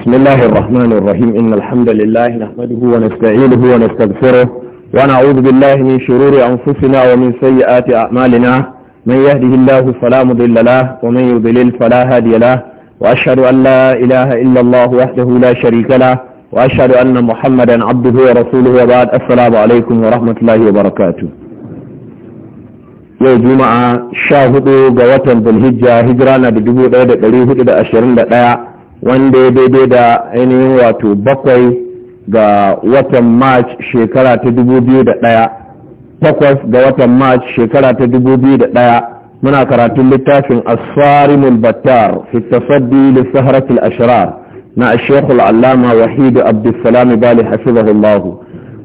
بسم الله الرحمن الرحيم إن الحمد لله نحمده ونستعينه ونستغفره ونعوذ بالله من شرور أنفسنا ومن سيئات أعمالنا من يهده الله فلا مضل له ومن يضلل فلا هادي له وأشهد أن لا إله إلا الله وحده لا شريك له وأشهد أن محمدا عبده ورسوله وبعد السلام عليكم ورحمة الله وبركاته yau juma'a sha hudu ga watan bulhijja hijira na da dubu ɗaya da ɗari hudu da ashirin da ɗaya wanda ya daidai da ainihin wato bakwai ga watan march shekara ta da ɗaya takwas ga watan march shekara ta da ɗaya muna karatun littafin asfari battar fi tasaddi li na shekul allama wahidu abdulsalami bali hafizahullahu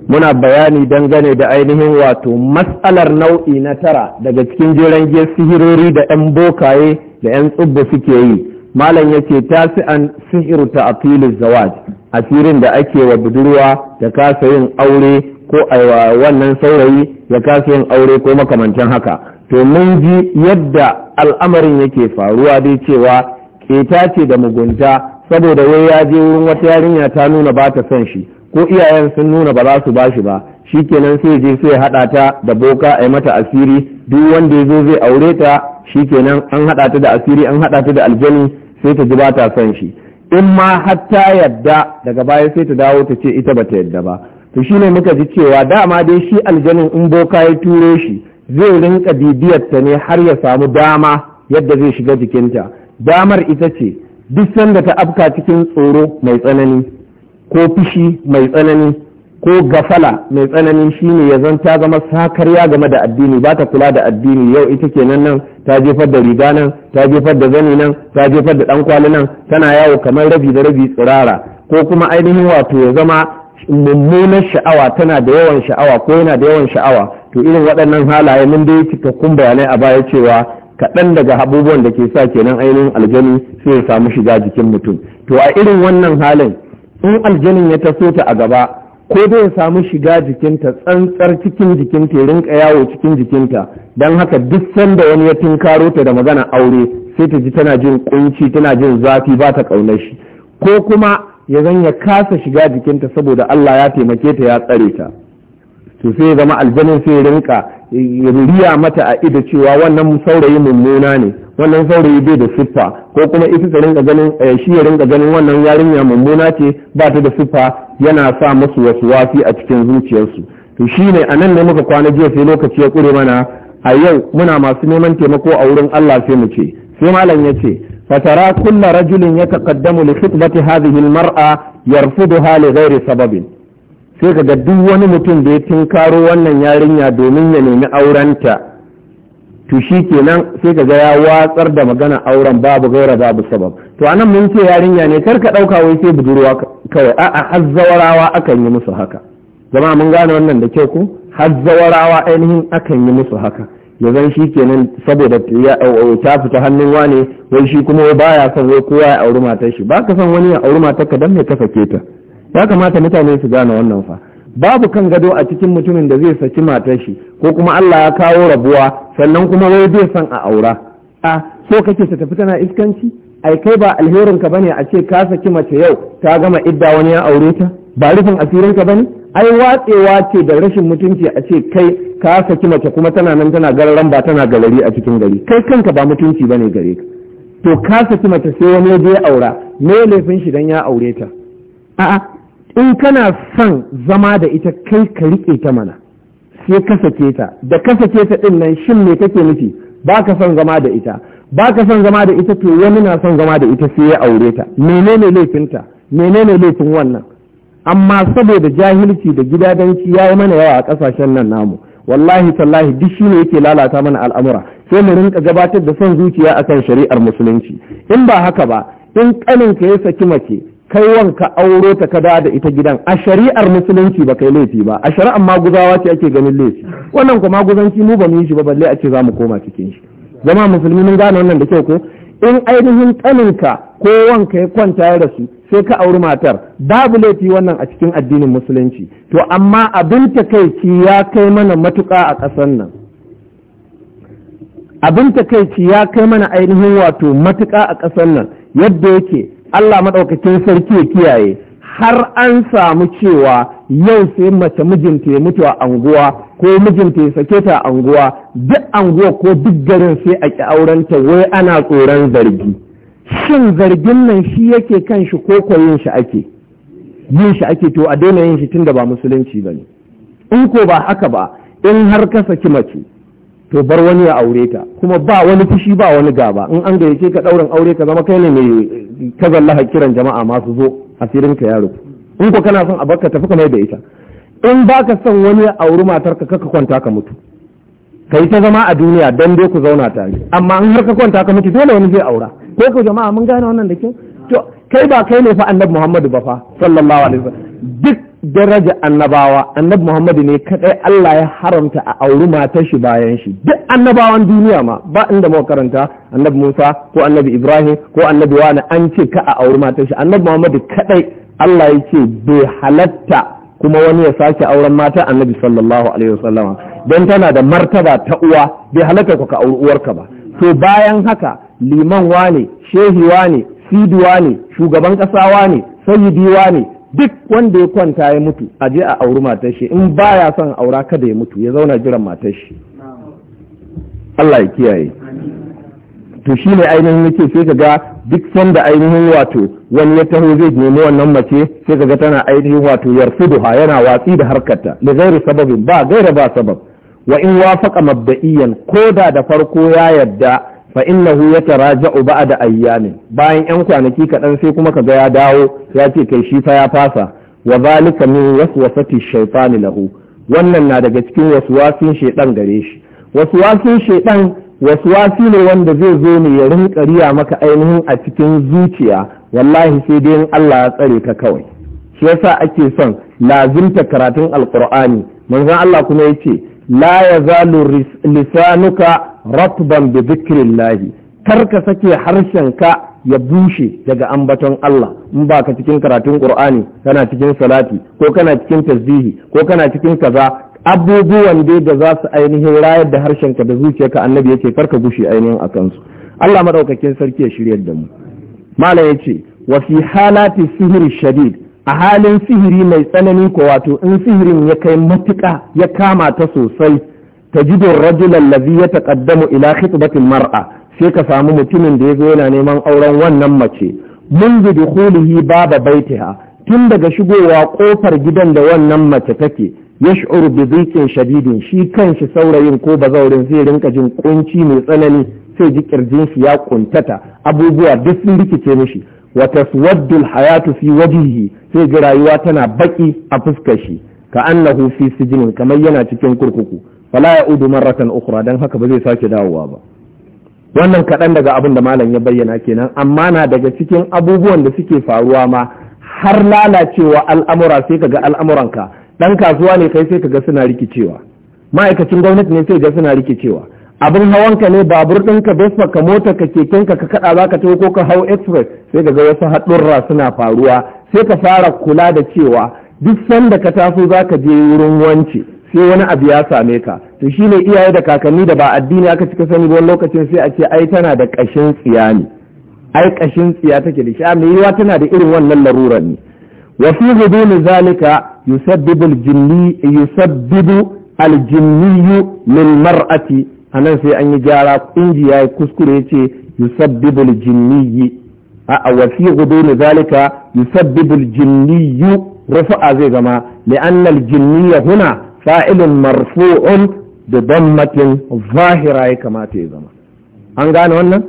muna bayani dangane da ainihin wato matsalar nau'i na tara daga cikin jiran sihirori da 'yan bokaye da 'yan tsubba suke yi malam yake an sihiru ta afilin zawaj asirin da ake wa budurwa ta kasa yin aure ko aiwa wannan saurayi ya kasa yin aure ko makamancin haka to mun ji yadda al'amarin yake faruwa dai cewa keta ce da mugunta saboda wai ya je wurin wata yarinya ta nuna ba ta son shi ko iyayen sun nuna ba za su ba shi ba shi kenan sai je sai haɗa ta da boka a mata asiri duk wanda ya zo zai aure ta shi kenan an haɗa ta da asiri an haɗa ta da aljani sai ta ji ba ta son shi in ma hatta yadda daga baya sai ta dawo ta ce ita bata yadda ba to shine muka ji cewa dama dai shi aljanin in boka ya turo shi zai rinka bibiyar ta ne har ya samu dama yadda zai shiga jikinta damar ita ce duk sanda ta afka cikin tsoro mai tsanani ko fushi mai tsanani ko gafala mai tsanani shine ya zan ta zama sakarya game da addini ba ta kula da addini yau ita kenan nan ta jefar da riga nan ta jefar da zani nan ta jefar da dan kwali nan tana yawo kamar rabi da rabi tsirara ko kuma ainihin wato ya zama mummunan sha'awa tana da yawan sha'awa ko yana da yawan sha'awa to irin waɗannan halaye mun dai cikakkun bayanai a baya cewa kaɗan daga abubuwan da ke sa kenan ainihin aljanu sai ya samu shiga jikin mutum to a irin wannan halin in aljanin ya taso ta a gaba ko dai ya samu shiga jikinta tsantsar cikin jikinta ya rinka yawo cikin jikinta don haka duk sanda wani ya tunkaro ta da magana aure sai ta ji tana jin kunci tana jin zafi ba ta ƙaunar shi ko kuma ya zan ya kasa shiga jikinta saboda Allah ya taimake ta ya tsare ta to sai zama aljanin sai rinka riya mata a ido cewa wannan saurayi mummuna ne wannan saurayi bai da siffa ko kuma ita ta rinka ganin eh, shi ya rinka ganin wannan yarinya mummuna ce ba ta da siffa yana sa musu wasu wafi a cikin zuciyarsu to shine a nan ne muka kwana jiya sai lokaci ya kure mana a yau muna masu neman taimako a wurin Allah sai mu ce sai malam ya ce fatara kulla rajulin ya taqaddamu li khitbati hadhihi al-mar'a yarfuduha li ghairi sababin sai ka ga duk wani mutum da ya tinkaro wannan yarinya domin ya nemi aurenta to shi kenan sai ka ga ya watsar da magana auren babu gaira babu sabab to anan mun ce yarinya ne kar ka ɗauka wai sai budurwa kawai a'a hazzawarawa akan yi musu haka zama mun gane wannan da kyau ko hazzawarawa ainihin akan yi musu haka ya zan shi kenan saboda ta fita hannun wane wai shi kuma baya son wai kowa ya auri matar shi ba ka son wani ya auri matar ka don me ka sake ta ya kamata mutane su gane wannan fa babu kan gado a cikin mutumin da zai saki matar shi ko kuma Allah ya kawo rabuwa sannan kuma wai zai san a aura a so kake ta tafi tana iskanci ai kai ba alherin ka bane a ce ka saki mace yau ta gama idda wani ya aure ta ba rufin asirin ka bane ai watsewa ce da rashin mutunci a ce kai ka saki mace kuma tana nan tana gararan ba tana galari a cikin gari kai kanka ba mutunci bane gare ka to ka saki mace sai wani ya je aura me laifin shi dan ya aure ta a'a in kana son zama da ita kai ka riƙe ta mana sai ka sake ta da ka ta ɗin nan shin me kake nufi ba ka son zama da ita ba ka son zama da ita to wani na son zama da ita sai ya aure ta menene laifinta menene laifin wannan amma saboda jahilci da gidadanci ya yi mana yawa a ƙasashen nan namu wallahi tallahi duk shi ne yake lalata mana al'amura sai mu rinka gabatar da son zuciya akan shari'ar musulunci in ba haka ba in kanin ka ya saki mace kai wanka auro ta ka da ita gidan a shari'ar musulunci ba kai laifi ba a shari'ar maguzawa ce ake ganin laifi wannan kuma maguzanci mu ba mu yi shi ba balle a ce za mu koma cikin shi zama musulmi mun gane wannan da kyau ko in ainihin tsaninka ko wanka ya kwanta ya rasu sai ka auri matar babu laifi wannan a cikin addinin musulunci to amma abin ta takaici ya kai mana matuƙa a ƙasar nan abin ta takaici ya kai mana ainihin wato matuƙa a ƙasar nan yadda yake Allah maɗaukacin sarki ya kiyaye har an samu cewa yau sai mace mijinta ya mutu a anguwa ko mijinta ya sake ta a anguwa duk anguwa ko duk garin sai a auren aurenta wai ana tsoron zargi shin zargin nan shi yake kan shi ko koyin shi ake yin shi ake to a daina yin shi tunda ba musulunci bane in ko ba haka ba in har ka saki mace to bar wani ya aure ta kuma ba wani fushi ba wani gaba in an gayyace ka ɗaurin aure ka zama kai ne mai kazallaha eh, kiran jama'a masu zo asirin ka yaro in ko kana son a barka tafi kamar da ita in ba ka son wani ya auri matar ka kaka kwanta ka mutu ka yi ta zama a duniya don dai ku zauna tare amma in har ka kwanta ka mutu dole wani zai aura ko ka jama'a mun gane wannan da ke? to kai ba kai ne fa annabi Muhammadu ba fa sallallahu alaihi wasallam duk daraja annabawa annabi muhammadu ne kadai Allah ya haramta a auri matar shi bayan shi duk annabawan duniya ma ba inda mu karanta annabi Musa ko annabi Ibrahim ko annabi wani an ce ka a auri matar shi annabi muhammadu kadai Allah ya ce bai halatta kuma wani ya sake auren mata annabi sallallahu alaihi wasallama don tana da martaba ta uwa bai halatta ka ka auri uwarka ba to bayan haka liman wane shehi wane sidi wani shugaban kasa wani sayyidi ne duk wanda ya kwanta ya mutu a je a auri matar shi in baya son aura kada ya mutu ya zauna jiran matar shi Allah ya kiyaye to shi ne ainihin yake sai kaga duk sanda ainihin wato wani ya taho zai nemi wannan mace sai kaga tana ainihin wato yarfuduha yana watsi da harkarta da gairi sababin ba gaira ba sabab wa in wafaqa mabda'iyan koda da farko ya yadda fa innahu yataraja'u da ayyamin bayan yan kwanaki kaɗan sai kuma kaga ya dawo ya ce kai shi fa ya fasa wa zalika min waswasati shaytani lahu wannan na daga cikin waswasin shaiɗan gare shi waswasin shaiɗan waswasi ne wanda zai zo ne ya rinka riya maka ainihin a cikin zuciya wallahi sai dai Allah ya tsare ka kawai shi yasa ake son lazimta karatun alqur'ani manzon Allah kuma yace لا يزال لسانك lisanuka بذكر bi karka sake harshenka ya bushe daga ambaton Allah in ba ka cikin karatun Qur'ani kana cikin salati ko kana cikin tasbihi ko kana cikin kaza abubuwan dai da za su ainihin rayar da harshenka da zuciyarka annabi yake karka bushe ainihin a kansu Allah madaukakin sarki ya shirya da mu malam yace wa fi halati sihiri shadid a halin sihiri mai tsanani ko wato in sihirin ya kai matuƙa ya kama ta sosai ta jidon rajulan lazi ya taƙaddamu ila khitbatin mar'a sai ka samu mutumin da ya zo yana neman auren wannan mace mun dukhulihi baba baitiha tun daga shigowa ƙofar gidan da wannan mace take yash'uru bi dhiqin shadidin shi kanshi saurayin ko bazaurin zai rinka jin kunci mai tsanani sai ji kirjin shi ya ƙuntata. abubuwa duk sun rikice mishi wa taswaddu alhayatu fi wajihi, sai ga rayuwa tana baki a fuskar shi ka annahu fi sijnin kamar yana cikin kurkuku fala ya'udu marratan ukhra dan haka ba zai sake dawowa ba wannan kaɗan daga abin da malam ya bayyana kenan amma na daga cikin abubuwan da suke faruwa ma har lalacewa al'amura sai kaga al'amuranka dan kasuwa ne kai sai kaga suna rikicewa ma'aikacin gwamnati ne sai ga suna rikicewa abin hawanka ne babur ɗinka vespa ka mota ka keken ka kaɗa za ka ko ka hau express sai ka ga wasu haɗurra suna faruwa sai ka fara kula da cewa duk sanda ka taso zaka je wurin wance sai wani abu ya same ka to shine iyaye da kakanni da ba addini aka cika sani ba lokacin sai a ce ai tana da ƙashin tsiya ne ai ƙashin tsiya take da sha mai yiwa tana da irin wannan larurar ne wa fi hudun zalika yusabbibu al-jinni al-jinni mar'ati a nan sai an yi gyara kungiya ya kuskure ce yusabbibul jinniyi a a wasi gudun zalika yusabbibul jinniyu rufa'a zai zama li'anna jinniya huna fa'ilun marfu'un da dammatin zahira ya kamata ya zama an gane wannan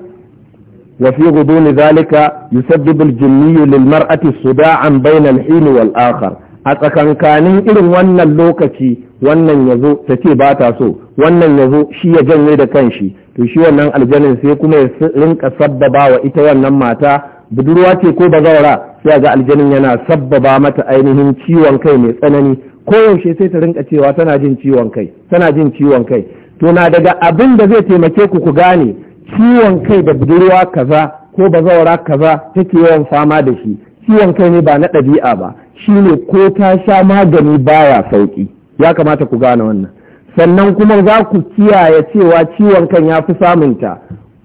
وفي غضون ذلك يسبب الجني للمرأة صداعا بين الحين والآخر a tsakankanin irin wannan lokaci wannan ya zo ta ce ba ta so wannan ya zo shi ya janye da kanshi to shi wannan aljanin sai kuma ya rinka sabbaba wa ita wannan mata budurwa ce ko bazawara sai ga aljanin yana sabbaba mata ainihin ciwon kai mai tsanani koyaushe sai ta rinka cewa tana jin ciwon kai tana jin ciwon kai to na daga abin da zai taimake ku ku gane ciwon kai da budurwa kaza ko bazawara kaza take yawan fama da shi ciwon kai ne ba na ɗabi'a ba shine ko ta sha magani baya sauki ya kamata ku gane wannan sannan kuma za ku kiyaye cewa ciwon kan ya fi samun ta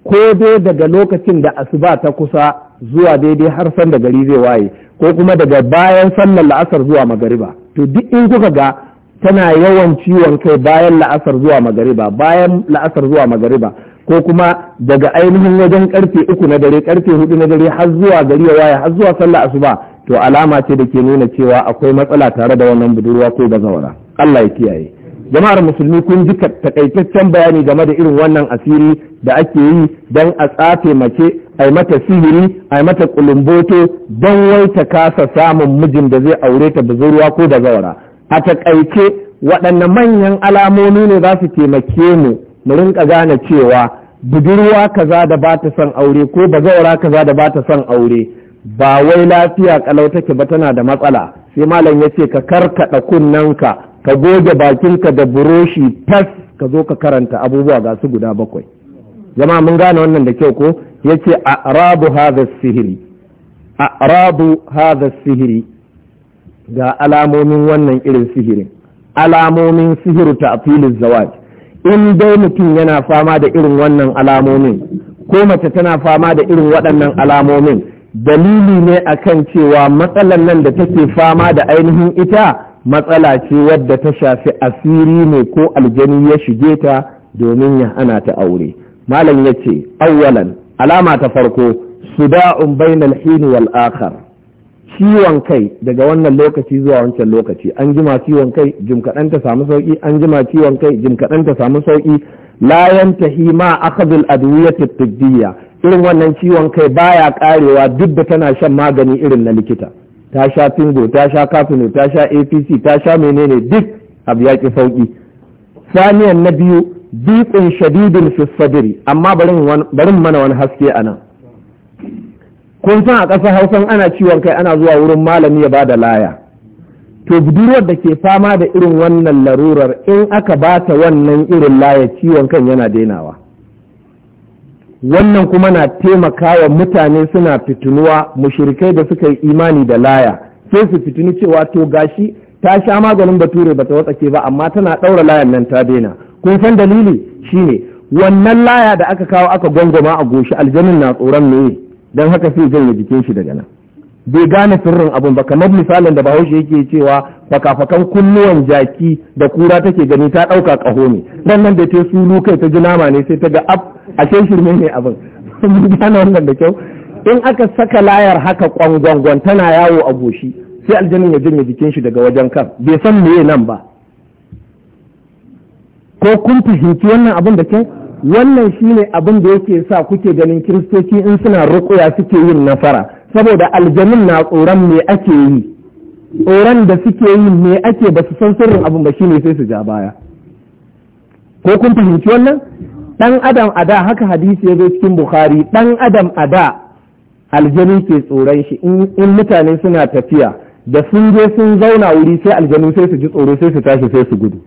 ko dai daga lokacin da asuba ta kusa zuwa daidai har san da gari zai waye ko kuma daga bayan sallar la'asar zuwa magariba to duk in kuka ga tana yawan ciwon kai bayan la'asar zuwa magariba bayan la'asar zuwa magariba ko kuma daga ainihin wajen karfe uku na dare karfe hudu na dare har zuwa gari ya waye har zuwa sallar asuba to alama ce da ke nuna cewa akwai matsala tare da wannan budurwa ko bazawara Allah ya kiyaye jama'ar musulmi kun ji takaitaccen bayani game da irin wannan asiri da ake yi don a tsafe mace a mata sihiri a mata kulumboto don wai ta kasa samun mijin da zai aure ta budurwa ko bazawara a takaice waɗanne manyan alamomi ne za su taimake mu mu rinka gane cewa budurwa kaza da ba ta son aure ko bazawara kaza da ba ta son aure ba wai lafiya kalau take ba tana da matsala sai malam ya ce ka karkaɗa kunnen ka ka goge bakinka da buroshi tas ka zo ka karanta abubuwa ga su guda bakwai jama'a mun gane wannan da kyau ko ya ce a rabu haza sihiri a a'rabu haza sihiri ga alamomin wannan irin sihirin alamomin sihiru ta filin zawaj in dai mutum yana fama da irin wannan alamomin ko mace tana fama da irin waɗannan alamomin dalili ne akan cewa matsalar nan da take fama da ainihin ita matsala ce wadda ta shafi asiri ne ko aljani ya shige ta domin ya hana ta aure malam ya ce awwalan alama ta farko suda'un bainal hini wal akhar ciwon kai daga wannan lokaci zuwa wancan lokaci an jima ciwon kai jim kaɗan ta samu sauƙi an jima ciwon kai jim kaɗan ta samu sauƙi la yantahi ma akhdhul adwiyati irin wannan ciwon kai baya karewa duk da tana shan magani irin na likita ta sha pingo ta sha kafino ta sha apc ta sha menene duk abu ya ki sauki saniyan na biyu biƙin shadidin fi amma barin mana wani haske a nan kun san a ƙasar hausan ana ciwon kai ana zuwa wurin malami ya bada laya to budurwar da ke fama da irin wannan larurar in aka bata wannan irin laya ciwon kan yana dainawa wannan kuma na taimaka wa mutane suna fitinuwa mushirikai da suka yi imani da laya sai su fitinu cewa to gashi ta sha maganin bature bata watsake ba amma tana ɗaura layan nan ta daina kun san dalili shine wannan laya da aka kawo aka gwangwama a goshi aljanin na tsoron ne don haka sai janye jikin shi daga nan bai gane sirrin abun ba kamar misalin da bahaushe yake cewa fakafakan kunnuwan jaki da kura take gani ta ɗauka ƙaho ne nan nan da ta sulu kai ta ji nama ne sai ta ga ab a ce shirme ne abin mun gane wannan da kyau in aka saka layar haka kwangwangwan tana yawo a goshi sai aljanin ya janye jikin shi daga wajen kan bai san meye nan ba ko kun fahimci wannan abin da kyau wannan shine abin da yake sa kuke ganin kiristoci in suna rukuya suke yin nasara saboda aljanin na tsoron me ake yi tsoron da suke yi me ake ba su san sirrin abin ba shine sai su ja baya ko kun fahimci wannan Ɗan adam a da haka hadisi ya zo cikin bukhari ɗan adam a da aljanu ke tsoron shi in mutane suna tafiya da sun je sun zauna wuri sai aljanu sai su ji tsoro sai su tashi sai su gudu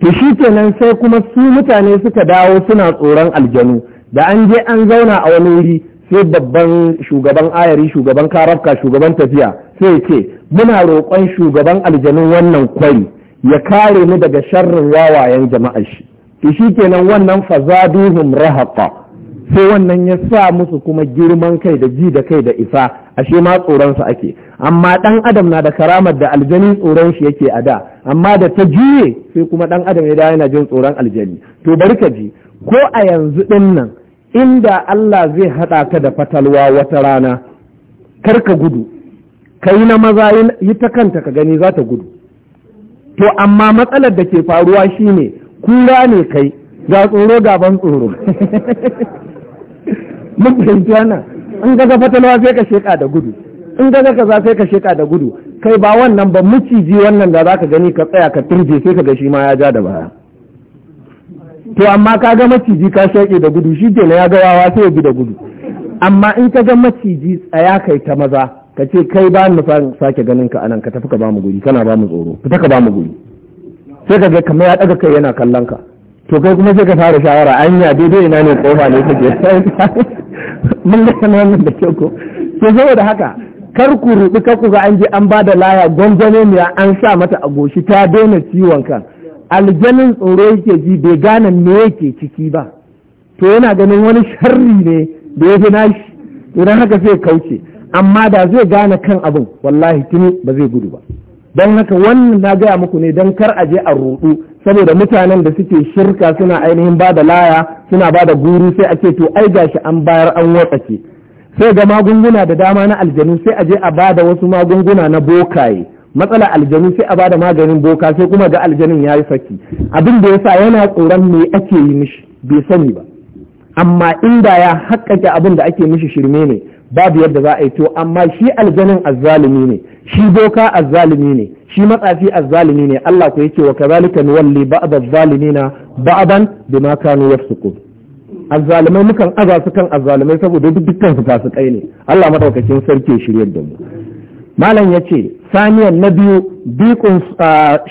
to shi kenan sai kuma su mutane suka dawo suna tsoron aljanu da an je an zauna a wani wuri sai babban shugaban ayari shugaban karafka shugaban tafiya sai ce muna roƙon shugaban aljanu wannan kwari ya kare mu daga sharrin wawayen jama'ar shi to shi kenan wannan fazaduhum rahaqa sai wannan ya sa musu kuma girman kai da ji da kai da isa ashe ma tsoronsa ake amma ɗan adam na da karamar da aljani tsoron shi yake a da amma da ta juye sai kuma ɗan adam ya da yana jin tsoron aljani to bari ka ji ko a yanzu ɗin nan inda Allah zai haɗa ka da fatalwa wata rana kar ka gudu kai na maza yi ta kanta ka gani za ta gudu to amma matsalar da ke faruwa shine kura ne kai ga tsoro ga tsoro mun fahimci wannan in ga ga fatalwa sai ka sheka da gudu in ga ga za sai ka sheka da gudu kai ba wannan ba muciji wannan da zaka gani ka tsaya ka turje sai ka ga shi ma ya ja da baya to amma ka ga maciji ka sheke da gudu shi kenan ya ga wawa sai ya bi da gudu amma in ka ga maciji tsaya kai ta maza ka ce kai ba mu sake ganin ka anan ka tafi ka ba mu guri kana ba mu tsoro ka ba mu guri sai ka ga kamar ya daga kai yana kallon ka to kai kuma sai ka fara shawara anya daidai ina ne kofa ne kake? mun ga wannan da kyau ko to saboda haka kar ku rubi kar ku ga an je an ba da laya gwangwane ne an sa mata a goshi ta daina ciwon kan aljanin tsoro yake ji bai gane me yake ciki ba to yana ganin wani sharri ne da ya fi nashi idan haka sai kauce amma da zai gane kan abin wallahi tuni ba zai gudu ba don haka wannan na gaya muku ne don kar a je a rudu saboda mutanen da suke shirka suna ainihin ba da laya suna ba da guri, sai ake to ai gashi an bayar an watsake sai ga magunguna da dama na aljanu sai a je a ba da wasu magunguna na bokaye matsala aljanu sai a ba da maganin boka sai kuma ga aljanin ya yi saki abin da yasa yana tsoron me ake yi mishi bai sani ba amma inda ya haƙƙaƙe abin da ake mishi shirme ne babu yadda za a yi to amma shi aljanin azzalumi ne shi boka azzalimi ne shi matsafi azzalimi ne Allah ku yake wa kazalika nuwalli ba'd azzalimina ba'dan bima kanu yafsukun azzalimai mukan aza su kan azzalimai saboda dukkan su kai ne Allah madaukakin sarki shiryar da mu malam yace saniyan na biyu biqun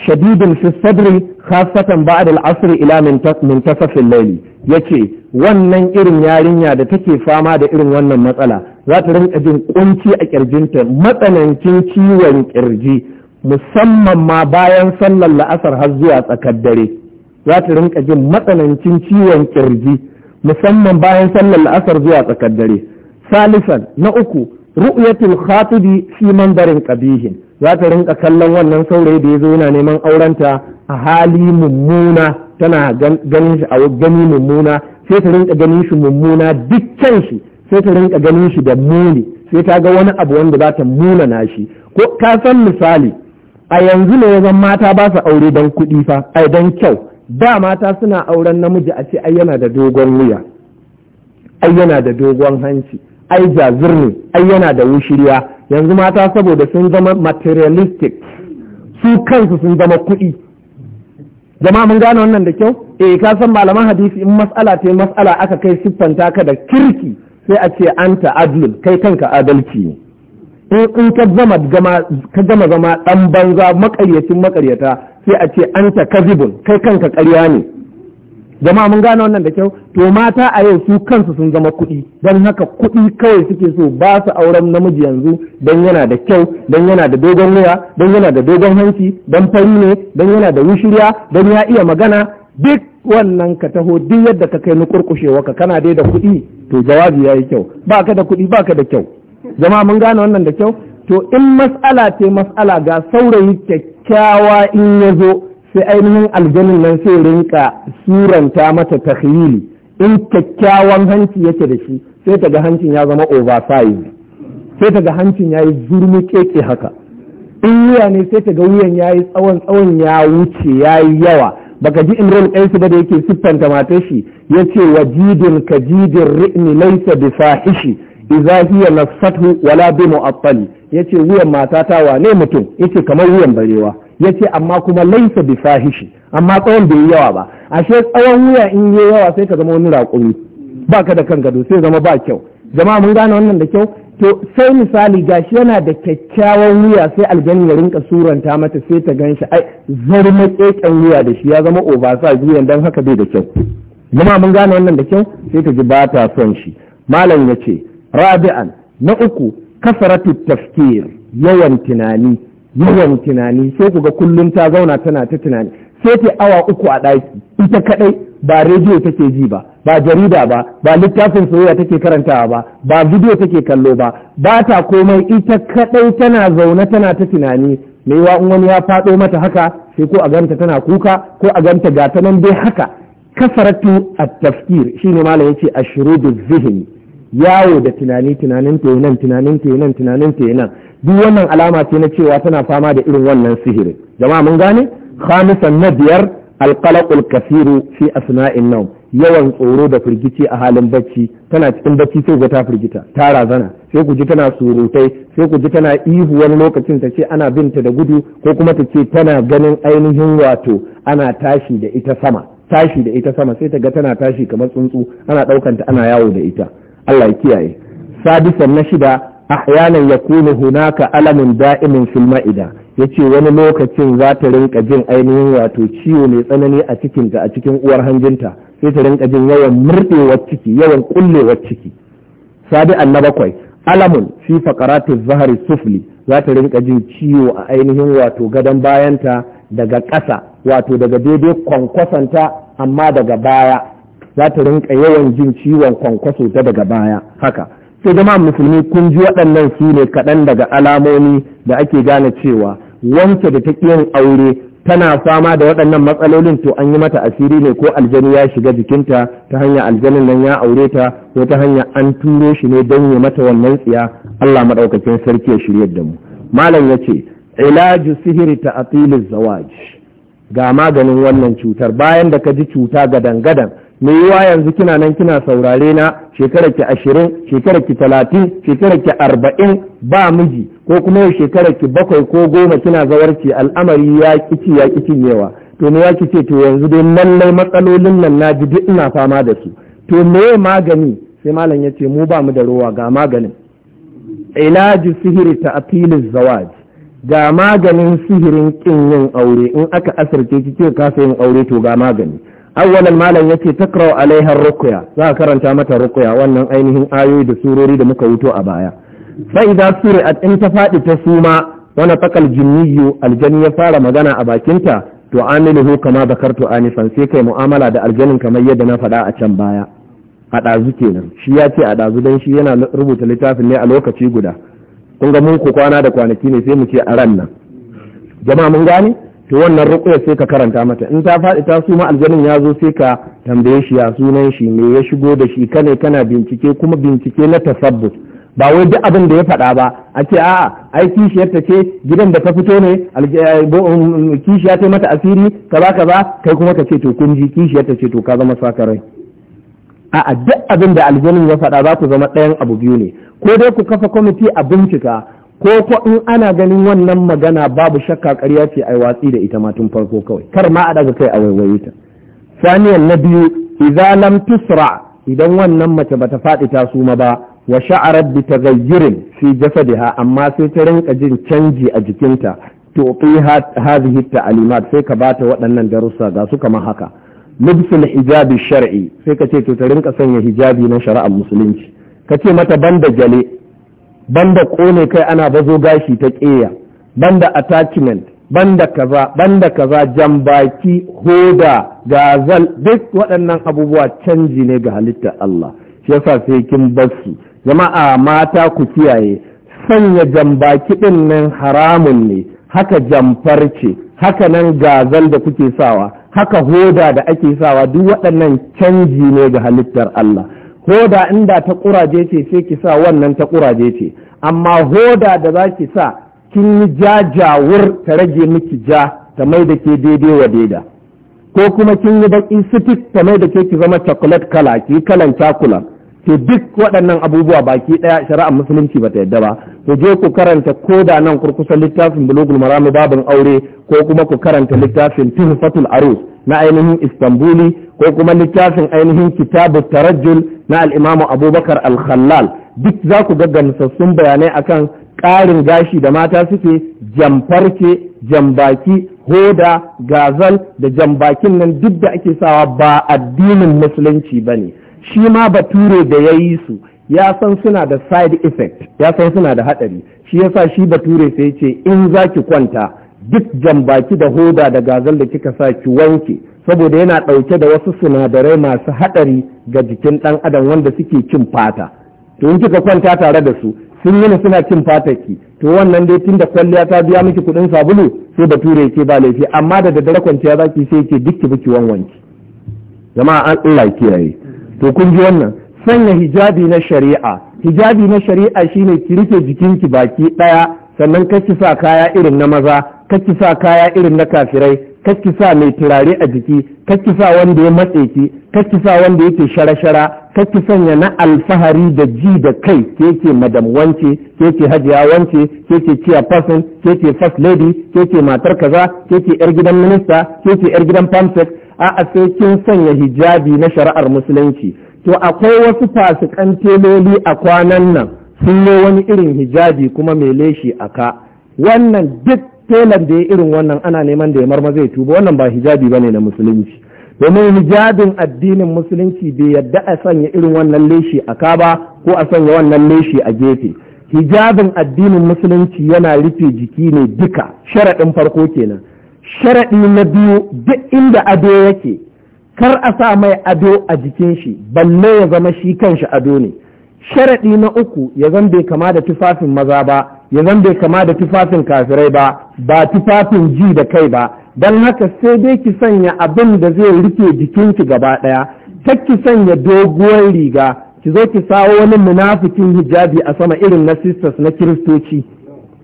shadidun fi sadri khasatan ba'd al-asr ila min tasafil layli yace wannan irin yarinya da take fama da irin wannan matsala za ta rinka jin kunci a kirjinta matsanancin ciwon kirji musamman ma bayan sallar la'asar har zuwa tsakar dare za ta rinka jin matsanancin ciwon kirji musamman bayan sallar la'asar zuwa tsakar dare salisan na uku ru'yatul khatibi fi mandarin qabihin za ta rinka kallon wannan saurayi da ya zo yana neman aurenta a hali mummuna tana ganin shi a gani mummuna sai ta rinka ganin shi mummuna dukkan shi sai ta rinka ganin shi da muni sai ta ga wani abu wanda za ta na shi ko ka san misali a yanzu ne zan mata ba su aure don kuɗi fa ai don kyau da mata suna auren namiji a ce ai yana da dogon wuya ai yana da dogon hanci ai jazir ne ai yana da wushiriya yanzu mata saboda sun zama materialistic su kansu sun zama kuɗi jama mun gane wannan da kyau eh ka san malaman hadisi in mas'ala ta mas'ala aka kai siffanta ka da kirki sai a ce anta adlun kai kanka adalci ne in ka gama zama ɗan banza makaryacin makaryata sai a ce an ta kazibun kai kanka ƙarya ne Gama mun gano wannan da kyau to mata a yau su kansu sun zama kuɗi don haka kuɗi kawai suke so ba su auren namiji yanzu don yana da kyau don yana da dogon wuya don yana da dogon hanci don fari ne don yana da wushirya don ya iya magana duk wannan ka taho duk yadda ka kai na kurkushewa ka kana dai da kuɗi to jawabi yi kyau ba ka da kuɗi ba ka da kyau jama'a mun gane wannan da kyau to in mas'ala ce mas'ala ga saurayi kyakkyawa in ya zo sai ainihin aljanin nan sai rinka suranta mata tahyili in kyakkyawan hanci yake da shi sai ta ga hancin ya zama oversize sai ta ga hancin ya yi zurmi keke haka in wuya ne sai ta ga wuyan ya yi tsawon tsawon ya wuce ya yi yawa baka ji imran ɗansu ba da yake siffanta matar shi Ya ce yace ka kajidin ri'ni laisa bi fahishi idza hiya nafsatu wala bi Ya yace wuyan matata wane mutum yace kamar wuyan barewa yace amma kuma laisa bi fahishi amma tsawon bai yi yawa ba ashe tsawon wuya in yi yawa sai ka zama wani raƙumi baka da kanka gado sai zama ba kyau jama'a mun gane wannan da kyau to sai misali gashi yana da kyakkyawan wuya sai aljani ya rinka suranta mata sai ta gan shi ai zarma keken wuya da shi ya zama obasa wuyan dan haka bai da kyau kuma mun gane wannan da kyau sai ta ji ba ta son shi malam ya ce rabi'an na uku kasaratu tafkir yawan tunani yawan tunani sai ku ga kullum ta zauna tana ta tunani sai ta awa uku a ɗaki ita kaɗai ba rediyo take ji ba ba jarida ba ba littafin soyayya take karantawa ba ba bidiyo take kallo ba ba ta komai ita kaɗai tana zaune tana ta tunani mai wa wani ya faɗo mata haka sai ko a ganta tana kuka ko a ganta ga ta nan dai haka kasaratu a tafkir shi ne malam yace ashrudu zihni yawo da tunani tunanin ta nan tunanin ta nan tunanin ta nan duk wannan alama ce na cewa tana fama da irin wannan sihirin jama'a mun gane khamisan na biyar alqalaqul kasiru fi asna'in nawm yawan tsoro da firgici a halin bacci tana cikin bacci sai ta firgita ta razana sai ku ji tana surutai sai ku ji tana ihu wani lokacin ta ce ana binta da gudu ko kuma ta ce tana ganin ainihin wato ana tashi da ita sama tashi da ita sama sai ta ga tana tashi kamar tsuntsu ana ɗaukanta ana yawo da ita Allah ya kiyaye sabisan na shida ahyanan yakunu hunaka alamin da'imin fil ma'ida yace wani lokacin za ta rinka jin ainihin wato ciwo mai tsanani a cikinta a cikin uwar hanjinta sai ta rinka jin yawan murdewar ciki yawan kullewar ciki sabi na bakwai alamun fi faqaratiz zahari sufli za ta rinka jin ciwo a ainihin wato gadon bayanta daga ƙasa wato daga daidai kwankwasanta amma daga baya za ta rinka yawan jin ciwon kwankwaso ta daga baya haka to zama musulmi kun ji waɗannan su ne kaɗan daga alamomi da ake gane cewa wance da ta yin aure tana fama da waɗannan matsalolin to an yi mata asiri ne ko aljani ya shiga jikinta ta hanyar aljanin nan ya aure ta ko ta hanyar an turo shi ne don yi mata wannan tsiya Allah maɗaukacin sarki ya shirya da mu malam ya ce ilaju sihiri ta atilin zawaj ga maganin wannan cutar bayan da ka ji cuta gadan gadan me yiwa yanzu kina nan kina saurare na shekarar ki ashirin shekarar ki talatin shekarar ki arba'in ba miji ko kuma yau shekarar ki bakwai ko goma kina zawarci al'amari ya kici ya kici yawa to me ya ce to yanzu dai lallai matsalolin nan na ji duk ina fama da su to me magani sai malam ya ce mu ba mu da ruwa ga maganin ilaji sihiri ta afilin zawaj ga maganin sihirin kin yin aure in aka asirce ki ce kasa yin aure to ga magani awwalan malam yace takra'u alaiha ruqya za a karanta mata ruqya wannan ainihin ayoyi da surori da muka wuto a baya fa idza suri'at in ta fadi ta suma wani takal jinniyu aljani ya fara magana a bakinta to amiluhu kama zakartu anifan sai kai mu'amala da aljanin kamar yadda na faɗa a can baya a ɗazu kenan shi ya ce a ɗazu Dan shi yana rubuta littafin ne a lokaci guda kun ga mun ku kwana da kwanaki ne sai mu ce a ran nan jama'a mun gane to wannan ruqya sai ka karanta mata in ta faɗi ta suma aljanin ya zo sai ka tambaye shi ya sunan shi me ya shigo da shi kane kana bincike kuma bincike na tasabbut ba wai duk abin da ya faɗa ba a ce a'a ai kishiyar ta ce gidan da ta fito ne eh, um, um, kishiya ta mata asiri kaza kaza kai kuma ka ce to kun ji kishiyar ta ce to ka zama sakarai a'a duk abin da aljanin ya faɗa za ku zama ɗayan abu biyu ne ko dai ku kafa kwamiti a bincika ko ko in ana ganin wannan magana babu shakka ƙarya ce ai watsi da ita ma tun farko kawai kar ma a daga kai a waiwaye ta saniyan na biyu idza lam tusra idan wannan mace bata faɗi ta suma ba wa sha'arat bi taghayyurin fi jasadiha amma sai ta rinka jin canji a jikinta to fi hadhihi ta'limat sai ka bata waɗannan darussa ga su kamar haka lubsul hijabi shar'i sai ka ce to ta rinka sanya hijabi na shari'ar musulunci kace mata banda jale banda kone kai ana bazo gashi ta ƙeya banda attachment banda kaza banda kaza jambaki hoda gazal duk waɗannan abubuwa canji ne ga halittar Allah shi yasa sai kin basu jama'a mata ku kiyaye sanya jambaki ɗin nan haramun ne haka jamfar ce haka nan gazal da kuke sawa haka hoda da ake sawa duk waɗannan canji ne ga halittar Allah hoda inda ta kuraje ce sai ki sa wannan ta kuraje ce amma hoda da za ki sa kin yi jajawur ta rage miki ja ta mai da ke daidai wa daida ko kuma kin yi baki sitik ta mai da ke ki zama chocolate kala ki kalan cakula ke duk waɗannan abubuwa baki ɗaya shari'ar musulunci ba ta yadda ba ku je ku karanta ko da nan kurkusan littafin bulugul marami babin aure ko kuma ku karanta littafin tuhfatul arus na ainihin istanbuli ko kuma littafin ainihin kitabu tarajjul na al'imamu abubakar al duk za ku ga gansassun bayanai akan ƙarin gashi da mata suke jamfarke jambaki hoda gazal da jambakin nan duk da ake sawa ba addinin musulunci ba ne shi ma bature da ya yi su ya san suna da side effect ya san suna da haɗari shi yasa shi bature sai ce in za ki kwanta duk jambaki da hoda da gazal da kika sa ki wanke saboda yana ɗauke da wasu sinadarai masu haɗari ga jikin ɗan adam wanda suke cin fata to in kika kwanta tare da su sun yi suna cin fata ki to wannan dai tun da kwalliya ta biya miki kuɗin sabulu sai ture ke ba laifi amma da daddare kwanciya za ki sai ke dukki biki wanwanki jama'a an Allah kiyaye to kun ji wannan sanya hijabi na shari'a hijabi na shari'a shine ki rike jikinki baki ɗaya sannan ki sa kaya irin na maza kaki sa kaya irin na kafirai kaki sa mai turare a jiki kaki sa wanda ya matse ki kaki sa wanda yake shara-shara kaki sanya na alfahari da ji da kai ke ke madam wance ke ke hajiya wance ke ke ciya person ke ke first lady ke ke matar kaza ke ke yar gidan minista ke ke yar gidan pamsec a sai kin sanya hijabi na shari'ar musulunci to akwai wasu fasikan teloli a kwanan nan sun yi wani irin hijabi kuma mai leshi a ka wannan duk telan da ya irin wannan ana neman da ya marma zai tuba wannan ba hijabi bane na musulunci domin hijabin addinin musulunci bai yadda a sanya irin wannan leshi a kaba ko a sanya wannan leshi a gefe hijabin addinin musulunci yana rufe jiki ne duka sharaɗin farko kenan sharaɗi na biyu duk inda ado yake kar a sa mai ado a jikin shi balle ya zama shi kanshi ado ne sharaɗi na uku ya zan bai kama da tufafin maza ba ya zan bai kama da tufafin kafirai ba ba tufafin ji da kai ba don haka sai dai ki sanya abin da zai rike jikinki gaba ɗaya ta ki sanya doguwar riga ki zo ki sawo wani munafikin hijabi a sama irin na sisters na kiristoci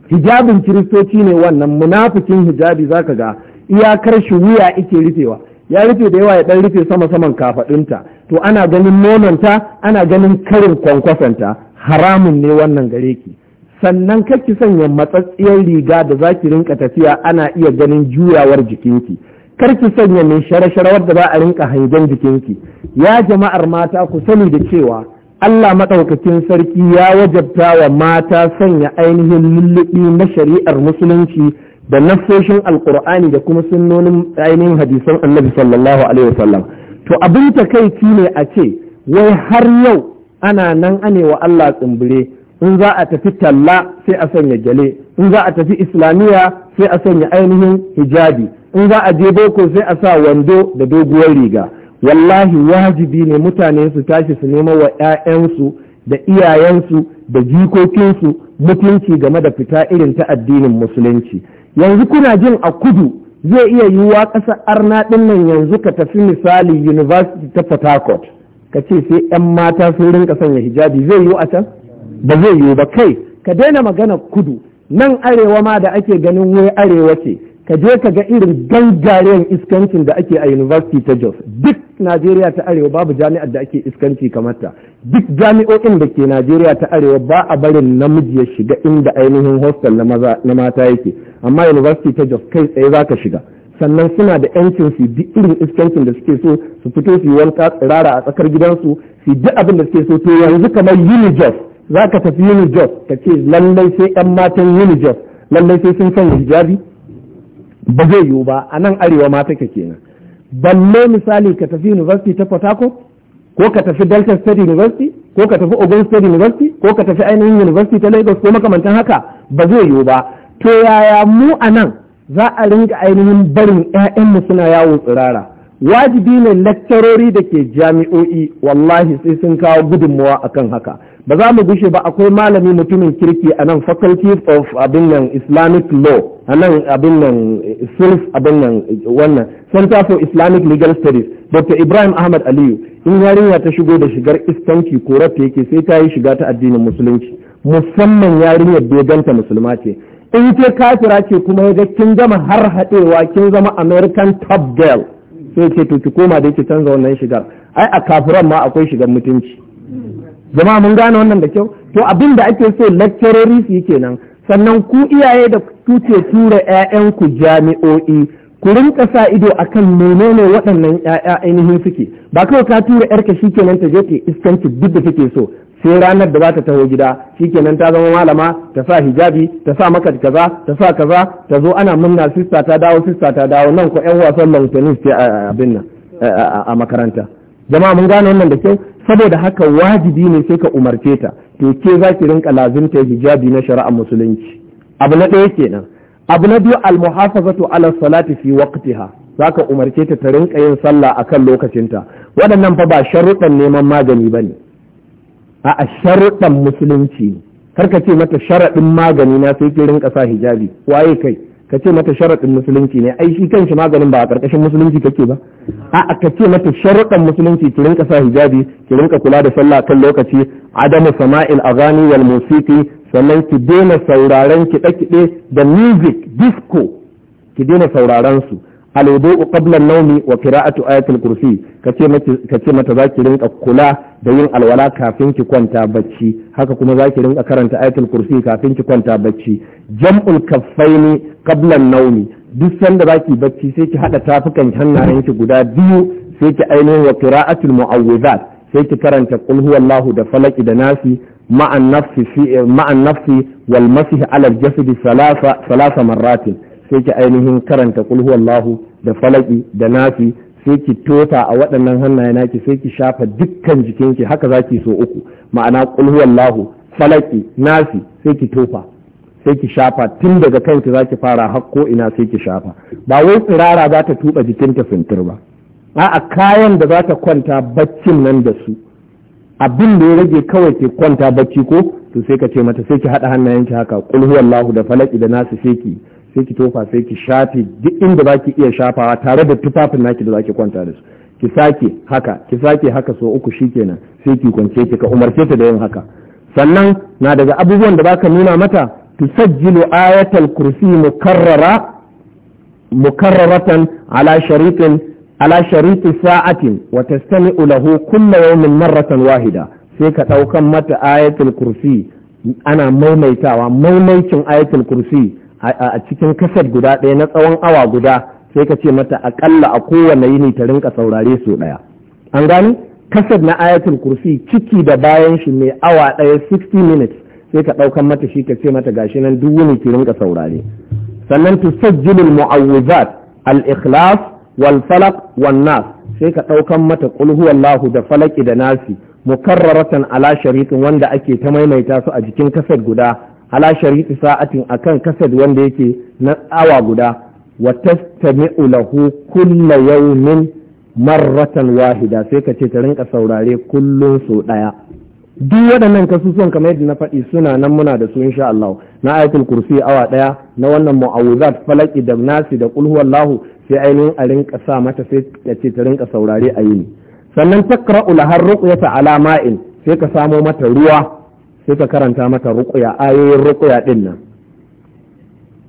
hijabin kiristoci ne wannan munafikin hijabi zaka ga iyakar shi wuya ike rufewa ya rufe da yawa ya ɗan rufe sama saman kafaɗunta, to ana ganin nononta ana ganin karin kwankwasanta haramun ne wannan gare ki sannan kake sanya matsatsiyar riga da zaki rinka tafiya ana iya ganin juyawar jikinki kar ki sanya mai shara-shara wadda za a rinka hangen jikinki ya jama'ar mata ku sani da cewa Allah maɗaukakin sarki ya wajabta wa mata sanya ainihin lulluɓi na shari'ar musulunci da nassoshin alkur'ani da kuma sunnonin ainihin hadisan annabi sallallahu alaihi wasallam to abin ta takaici ne a ce wai har yau ana nan ane wa Allah tsumbure in za a tafi talla sai a sanya gyale in za a tafi islamiyya sai a sanya ainihin hijabi in za a je boko sai a sa wando da doguwar riga wallahi wajibi ne mutane su tashi su nema wa 'ya'yansu da iyayensu da jikokinsu mutunci game da fita irin ta addinin musulunci yanzu kuna jin a kudu zai iya yiwuwa ƙasar arna ɗin nan yanzu ka tafi misali university ta port harcourt ka ce sai 'yan mata sun rinka sanya hijabi zai yiwu a can ba zai yiwu ba kai ka daina magana kudu nan arewa ma da ake ganin wai arewa ce ka je ka ga irin gangaren iskancin da ake a university ta jos duk najeriya ta arewa babu jami'ar da ake iskanci kamar ta duk jami'o'in da ke najeriya ta arewa ba a barin namiji ya shiga inda ainihin hostel na mata yake amma university ta jos kai tsaye za ka shiga sannan suna da yancin su duk irin iskancin da suke so su fito su yi wanka tsirara a tsakar gidansu su duk abin da suke so to yanzu kamar unijos za ka tafi unijos ka ce lallai sai yan matan unijos lallai sai sun sanya hijabi ba zai yiwu ba a nan arewa mata ka kenan balle misali ka tafi university ta port ko ka tafi delta state university ko ka tafi ogun state university ko ka tafi ainihin university ta lagos ko makamantan haka ba zai yiwu ba to yaya mu a nan za a ringa ainihin barin 'ya'yanmu suna yawon tsirara wajibi ne lakcarori da ke jami'o'i wallahi sai sun kawo gudunmawa akan haka ba za mu gushe ba akwai malami mutumin kirki a nan faculty of abin nan islamic law a nan abin nan eh, sulf abin nan eh, wannan center for islamic legal studies dr ibrahim ahmad aliyu in yarinya ta shigo da shigar iskanci ko yake sai ta yi shiga ta addinin musulunci musamman yarinyar ya ganta musulma ce in ke kafira ce kuma ya ga kin gama har haɗewa kin zama american top girl sai ce to ki koma da ki canza wannan shigar ai a kafiran ma akwai shigar mutunci jama'a mun gane wannan da kyau to abin da ake so lakcarori su yi kenan sannan ku iyaye da kuke tura ku jami'o'i ku rinka sa ido akan menene waɗannan ƴaƴa ainihin suke ba kawai ka tura 'yarka shi kenan ta je ta iskanci duk da take so sai ranar da za ta taho gida shikenan ta zama malama ta sa hijabi ta sa maka kaza ta sa kaza ta zo ana murna sista ta dawo sista ta dawo nan ko yan wasan long tennis ce a nan a makaranta jama'a mun gane wannan da kyau saboda haka wajibi ne sai ka umarce ta to ke za ki rinka lazimta hijabi na shari'ar musulunci abu na ɗaya kenan abu na biyu almuhafazatu ala salati fi waqtiha zaka umarce ta ta rinka yin sallah akan lokacinta waɗannan fa ba sharuɗan neman magani bane a'a sharuɗan musulunci ne kar ka ce mata sharaɗin magani na sai ki rinƙa sa hijabi waye kai ka ce mata sharaɗin musulunci ne ai shi kanshi maganin ba a ƙarƙashin musulunci kake ba a'a ka ce mata sharaɗan musulunci ki rinka sa hijabi ki rinka kula da sallah kan lokaci adamu sama'il azani wal musiki sannan ki daina sauraron kiɗe-kiɗe da music disco ki daina sauraron su alwudu qabla an-nawmi wa qira'atu ayatul kursi kace mata kace mata zaki rinka kula da yin alwala kafin ki kwanta bacci haka kuma zaki rinka karanta ayatul kursi kafin ki kwanta bacci jam'ul kaffaini qabla an-nawmi duk sanda zaki bacci sai ki hada tafukan ki guda biyu sai ki ainihin wa qira'atul mu'awwizat sai ki karanta qul huwallahu da falaki da nasi ma'an nafsi ma'an nafsi wal masih ala al-jasad thalatha thalatha marratin sai ki ainihin karanta kul huwallahu da falaki da nafi sai ki tota a waɗannan hannaye naki sai ki shafa dukkan jikinki haka zaki so uku ma'ana kul huwallahu falaki nafi sai ki tofa sai ki shafa tun daga kanki zaki fara hakko ina sai ki shafa ba wai tsirara za ta tuba jikinta fintir ba a'a kayan da za ta kwanta baccin nan da su abin da ya rage kawai ke kwanta bacci ko to sai ka ce mata sai ki haɗa hannayenki haka kul huwallahu da falaki da nasu sai ki sai ki tofa sai ki shafe duk inda za ki iya shafawa tare da tufafin naki da za ki kwanta da su ki sake haka ki sake haka so uku shikenan sai ki kwance ki ka umarce ta da yin haka sannan na daga abubuwan da baka nuna mata sajjilu ayatul kursi mukarrara mukarraratan ala sharitin ala sharitu sa'atin wa tastami'u lahu kullu yawmin marratan wahida sai ka daukan mata ayatul kursi ana maimaitawa maimaitin ayatul kursi a cikin kaset guda ɗaya na tsawon awa guda sai ka ce mata akalla a kowane yini ta rinka saurare su ɗaya an gani kaset na ayatul kursi ciki da bayan shi mai awa ɗaya 60 minutes sai ka ɗaukan mata shi ka ce mata gashi nan duk wuni ki rinka saurare sannan tusajjilul mu'awwizat al-ikhlas wal falaq wan nas sai ka ɗaukan mata qul huwallahu da falaki da nasi mukarraratan ala sharikin wanda ake ta maimaita su a jikin kaset guda ala shari'i sa'atin akan kasad wanda yake na awa guda wa tastami'u lahu kulla yawmin marratan wahida sai ka ce ta rinka saurare kullum so daya duk waɗannan kasusuwan kamar yadda na faɗi suna nan muna da su insha Allah na ayatul kursi awa daya na wannan mu'awuzat falaki da nasi da qul huwallahu sai ainihin a rinka sa mata sai ka ce ta rinka saurare a yini sannan takra'u lahar ruqyata ala ma'in sai ka samo mata ruwa sai ka karanta mata ruqya ayoyin ruqya din nan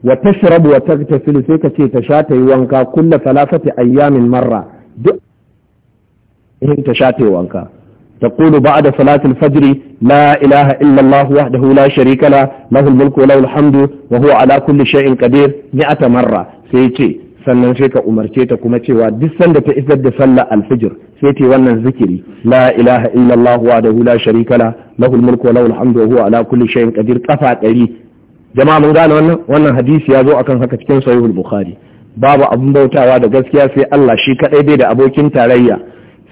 wa tashrabu wa tagtasilu sai ka ce ta sha ta yi wanka kulla salasati ayyamin marra duk ta sha ta yi wanka تقول بعد صلاة الفجر لا إله إلا الله وحده لا شريك له له الملك وله الحمد وهو على كل شيء قدير مئة مرة سيتي sannan sai ka umarce ta kuma cewa duk sanda ta isar da sallar alfijir sai ta wannan zikiri la ilaha illallah wa da hula sharikala la lahul mulku wa lahul hamdu wa huwa ala kulli shay'in qadir kafa ɗari jama'a mun gane wannan wannan hadisi ya zo akan haka cikin sahihul bukhari babu abun bautawa da gaskiya sai Allah shi kadai bai da abokin tarayya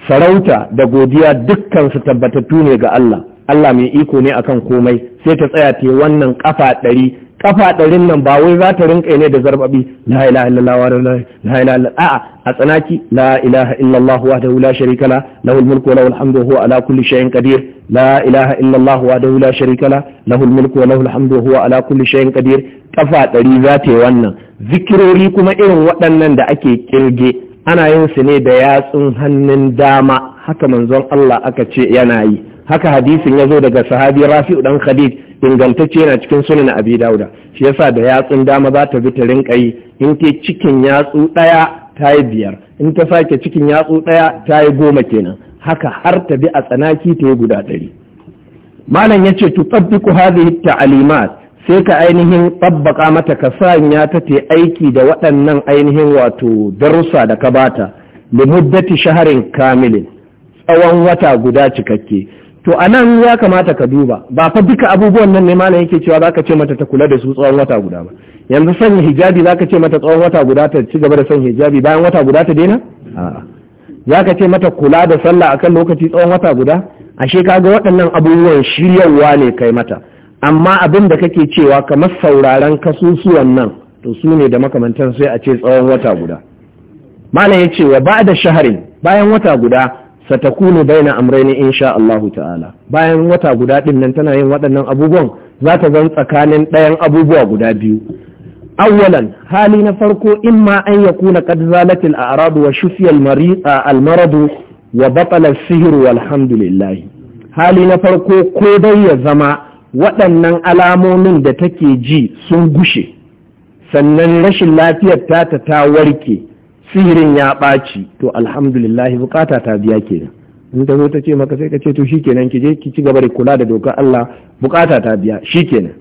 sarauta da godiya dukkan su tabbatattu ne ga Allah Allah mai iko ne akan komai sai ta tsaya ta wannan kafa ɗari kafa ɗarin nan ba wai za ta rinka ne da zarbabi la ilaha illallah wa la ilaha illallah a'a a tsanaki la ilaha illallah wahdahu la sharika la lahul mulku wa lahul hamdu huwa ala kulli shay'in qadir la ilaha illallah wahdahu la sharika la lahul mulku wa lahul hamdu huwa ala kulli shay'in qadir kafa ɗari za ta yi wannan zikirori kuma irin waɗannan da ake kirge ana yin su ne da yatsun hannun dama haka manzon Allah aka ce yana yi haka hadisin ya zo daga sahabi Rafi'u dan Khadij ingantacce yana cikin sunan abi dauda shi yasa da yatsun dama za ta bi ta rinka yi in ke cikin yatsu ɗaya ta yi biyar in ta sake cikin yatsu ɗaya ta yi goma kenan haka har ta bi a tsanaki ta yi guda ɗari malam ya ce tutabbiku hadhihi ta'alimat sai ka ainihin tabbaka mata ka sanya ta ta aiki da waɗannan ainihin wato darussa da ka bata limuddati shaharin kamilin tsawon wata guda cikakke to a nan ya kamata ka duba ba fa duka abubuwan nan ne malam yake cewa za ka ce mata ta kula da su tsawon wata guda ba yanzu sanya hijabi za ka ce mata tsawon wata guda ta ci gaba da sanya hijabi bayan wata guda ta daina a'a ka ce mata kula da sallah akan lokaci tsawon wata guda ashe kaga waɗannan abubuwan shiryawa ne kai mata amma abin da kake cewa kamar sauraron kasusuwan nan to su ne da makamantan sai a ce tsawon wata guda malam ya ce wa ba da shaharin bayan wata guda satakunu baina amrayni insha Allahu ta'ala bayan wata guda din nan tana yin waɗannan abubuwan za ta zan tsakanin ɗayan abubuwa guda biyu awwalan hali na farko imma an yakuna qad zalat al a'rad wa shufiya al marid al marad wa batala al sihr walhamdulillah hali na farko ko dai ya zama waɗannan alamomin da take ji sun gushe sannan rashin lafiyar ta ta warke sihirin ya ɓaci to alhamdulillahi bukata ta biya kenan in ta zo ta ce maka sai ka ce to shikenan ki je ki ci gaba da kula da dokar Allah bukata ta biya shikenan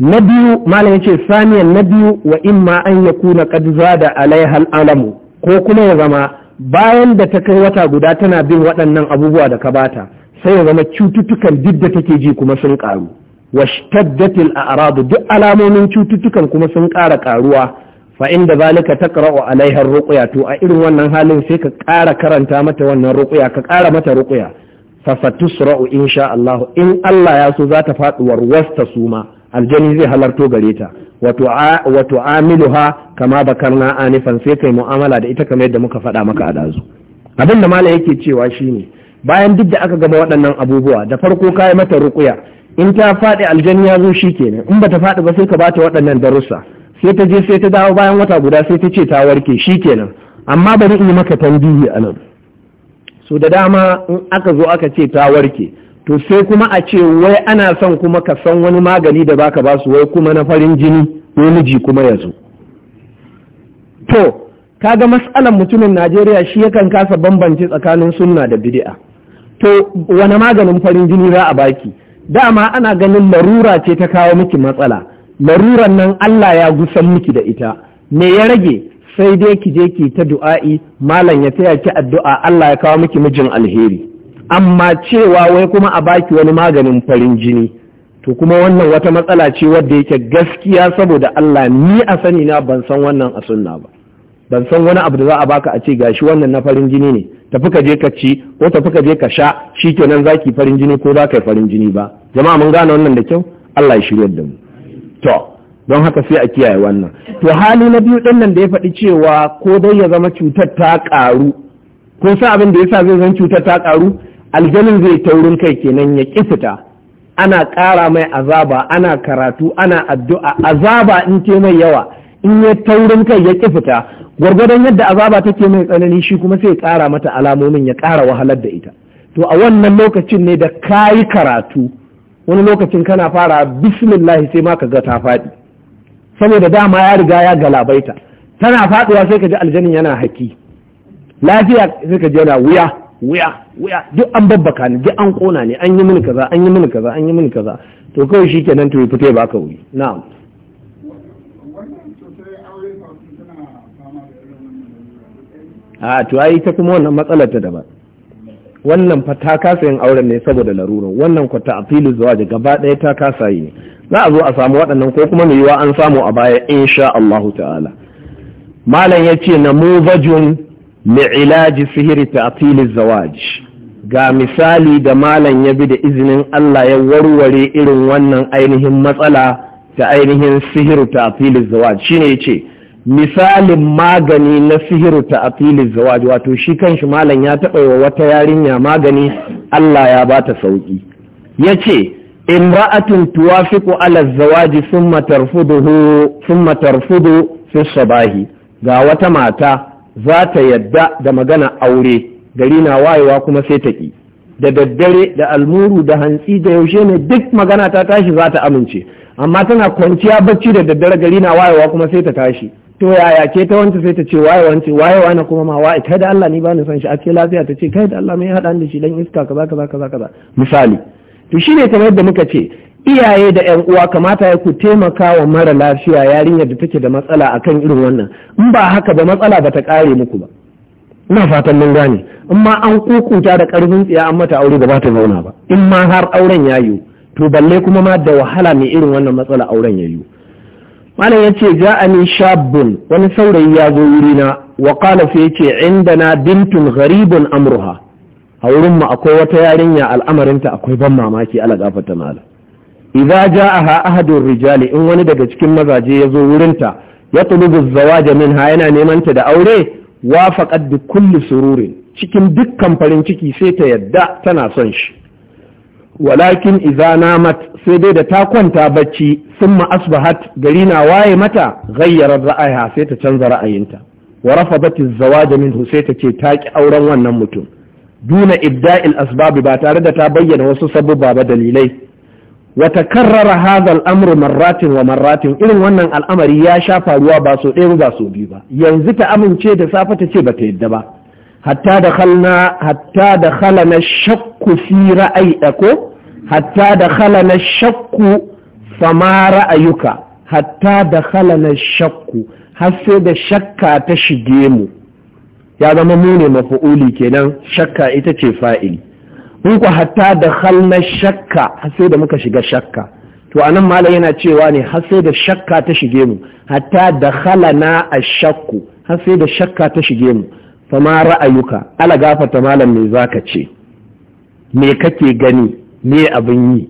na biyu malam yace saniyan na biyu wa ma an yakuna qad zada alaiha alamu ko kuma ya zama bayan da ta kai wata guda tana bin waɗannan abubuwa da ka bata sai ya zama cututtukan duk da take ji kuma sun ƙaru. karu a a'radu duk alamomin cututtukan kuma sun ƙara ƙaruwa. fa inda zalika taqra'u alaiha ruqya to a irin wannan halin sai ka ƙara karanta mata wannan ruqya ka ƙara mata ruqya fa fatusra'u insha Allah in Allah ya so za ta faɗi suma aljani zai halarto gare ta wa tu'amiluha kama bakarna anifan sai kai mu'amala da ita kamar yadda muka faɗa maka a dazu abin da malam yake cewa shine bayan duk da aka gama waɗannan abubuwa da farko kai mata ruqya in ta faɗi aljani ya zo shikenan in bata faɗi ba sai ka bata waɗannan darussa sai ta je sai ta dawo bayan wata guda sai ta ce ta warke shi kenan amma bari in yi maka tambihi a nan so da dama in aka zo aka ce ta warke to sai kuma a ce wai ana son kuma ka san wani magani da baka ba su wai kuma na farin jini ko miji kuma ya zo to kaga matsalan mutumin Najeriya shi yakan kasa bambance tsakanin sunna da bid'a to wani maganin farin jini za a baki dama ana ganin larura ce ta kawo miki matsala laruran nan Allah ya gusan miki da ita me ya rage sai dai ki je ki ta du'a'i malam ya taya ki addu'a Allah ya kawo miki mijin alheri amma cewa wai kuma a baki wani maganin farin jini to kuma wannan wata matsala ce wadda yake gaskiya saboda Allah ni a sani na ban san wannan a sunna ba ban san wani abu da za a baka a ce gashi wannan na farin jini ne tafi ka je ka ci ko tafi ka je ka sha shi kenan zaki farin jini ko za ka yi farin jini ba jama'a mun gane wannan da kyau Allah ya shirya da mu to don haka sai a kiyaye wannan to hali na biyu din nan da ya faɗi cewa ko dai ya zama cutar ta ƙaru kun sa abin da yasa zai zama cutar ta ƙaru aljanin zai taurin kai kenan ya ƙi fita ana ƙara mai azaba ana karatu ana addu'a azaba in ke mai yawa in ya taurin kai ya ƙi fita gwargwadon yadda azaba take mai tsanani shi kuma sai ya ƙara mata alamomin ya ƙara wahalar da ita to a wannan lokacin ne da kayi karatu wani lokacin kana fara bismillah sai ma ka ga ta faɗi saboda dama ya riga ya galabaita tana faɗuwa sai ka ji aljanin yana haki lafiya sai ka ji yana wuya wuya wuya duk an babbaka ni duk an kona ne an yi mini kaza an yi mini kaza an yi mini kaza to kawai shikenan to ya fita ba ka wuri na'am a to ai ta kuma wannan matsalar ta daban wannan fa ta kasa yin auren ne saboda laruran wannan afilu zuwa zawaji gaba ɗaya ta kasa yi ne za a zo a samu waɗannan ko kuma mai yiwa an samu a baya insha Allah ta'ala malam yace namuzajun li ilaji sihiri ta'til zawaj ga misali da malam ya bi da izinin Allah ya warware irin wannan ainihin matsala ta ainihin sihiru ta'til zawaj shine yace misalin magani na sihiru ta afili zawaji wato shi kan shi malam ya taɓa wa wata yarinya magani Allah ya ba ta sauƙi ya ce imra'atun tuwafiku ala zawaji summa zawaji, sun fi sabahi ga wata mata za ta yadda da magana aure gari na wayewa kuma sai ta ƙi. da daddare da almuru da hantsi da yaushe ne duk magana ta tashi za ta amince amma tana kwanciya bacci da daddare gari na wayewa kuma sai ta tashi to yaya ke ta wancan sai ta ce waye wance waye wani kuma ma waye kai da Allah ni ba ni san shi a ce lafiya ta ce kai da Allah mai haɗa da shi dan iska kaza kaza kaza kaza misali to shine kamar yadda muka ce iyaye da yan uwa kamata ya ku taimaka wa mara lafiya yarinyar da take da matsala akan irin wannan in ba haka ba matsala ba ta kare muku ba ina fatan mun gane in ma an kukuta da karfin tsiya an mata aure ba ta zauna ba in ma har auren ya to balle kuma ma da wahala mai irin wannan matsala auren ya malam ya ce ja ni shabbun wani saurayi ya zo wurina wa qala sai ya ce indana bintun gharibun amruha a wurinmu akwai wata yarinya al'amarinta akwai ban mamaki ala gafata malam idza ja'aha ahadun rijali in wani daga cikin mazaje ya zo wurinta ya tulubu zawaja minha yana neman ta da aure wafaqat bi kulli sururin cikin dukkan farin ciki sai ta yadda tana son shi walakin Iza namat sai dai da ta kwanta bacci ma asbahat gari na waye mata ghayyarar ra'ayiha sai ta canza ra'ayinta wa rafadat az-zawaj minhu sai ta ce ta ki auren wannan mutum duna ibda'il asbab ba tare da ta bayyana wasu sabubba ba dalilai wa takarrara hadha al-amru marratin wa marratin irin wannan al'amari ya sha faruwa ba so ɗaya ba so biyu ba yanzu ta amince da safa ta ce ba ta yadda ba hatta da khalna hatta khalana shakku fi ra'ayi ko hatta da khalana shakku fama ra'ayuka hatta da khalana shakku har da shakka ta shige mu ya zama mune ne mafu'uli kenan shakka ita ce fa'ili mun ku hatta da khalna shakka har da muka shiga shakka to anan malam yana cewa ne har da shakka ta shige mu hatta da khalana ashakku har sai da shakka ta shige mu fama ra'ayuka ala gafata malam me zaka ce me kake gani me abin yi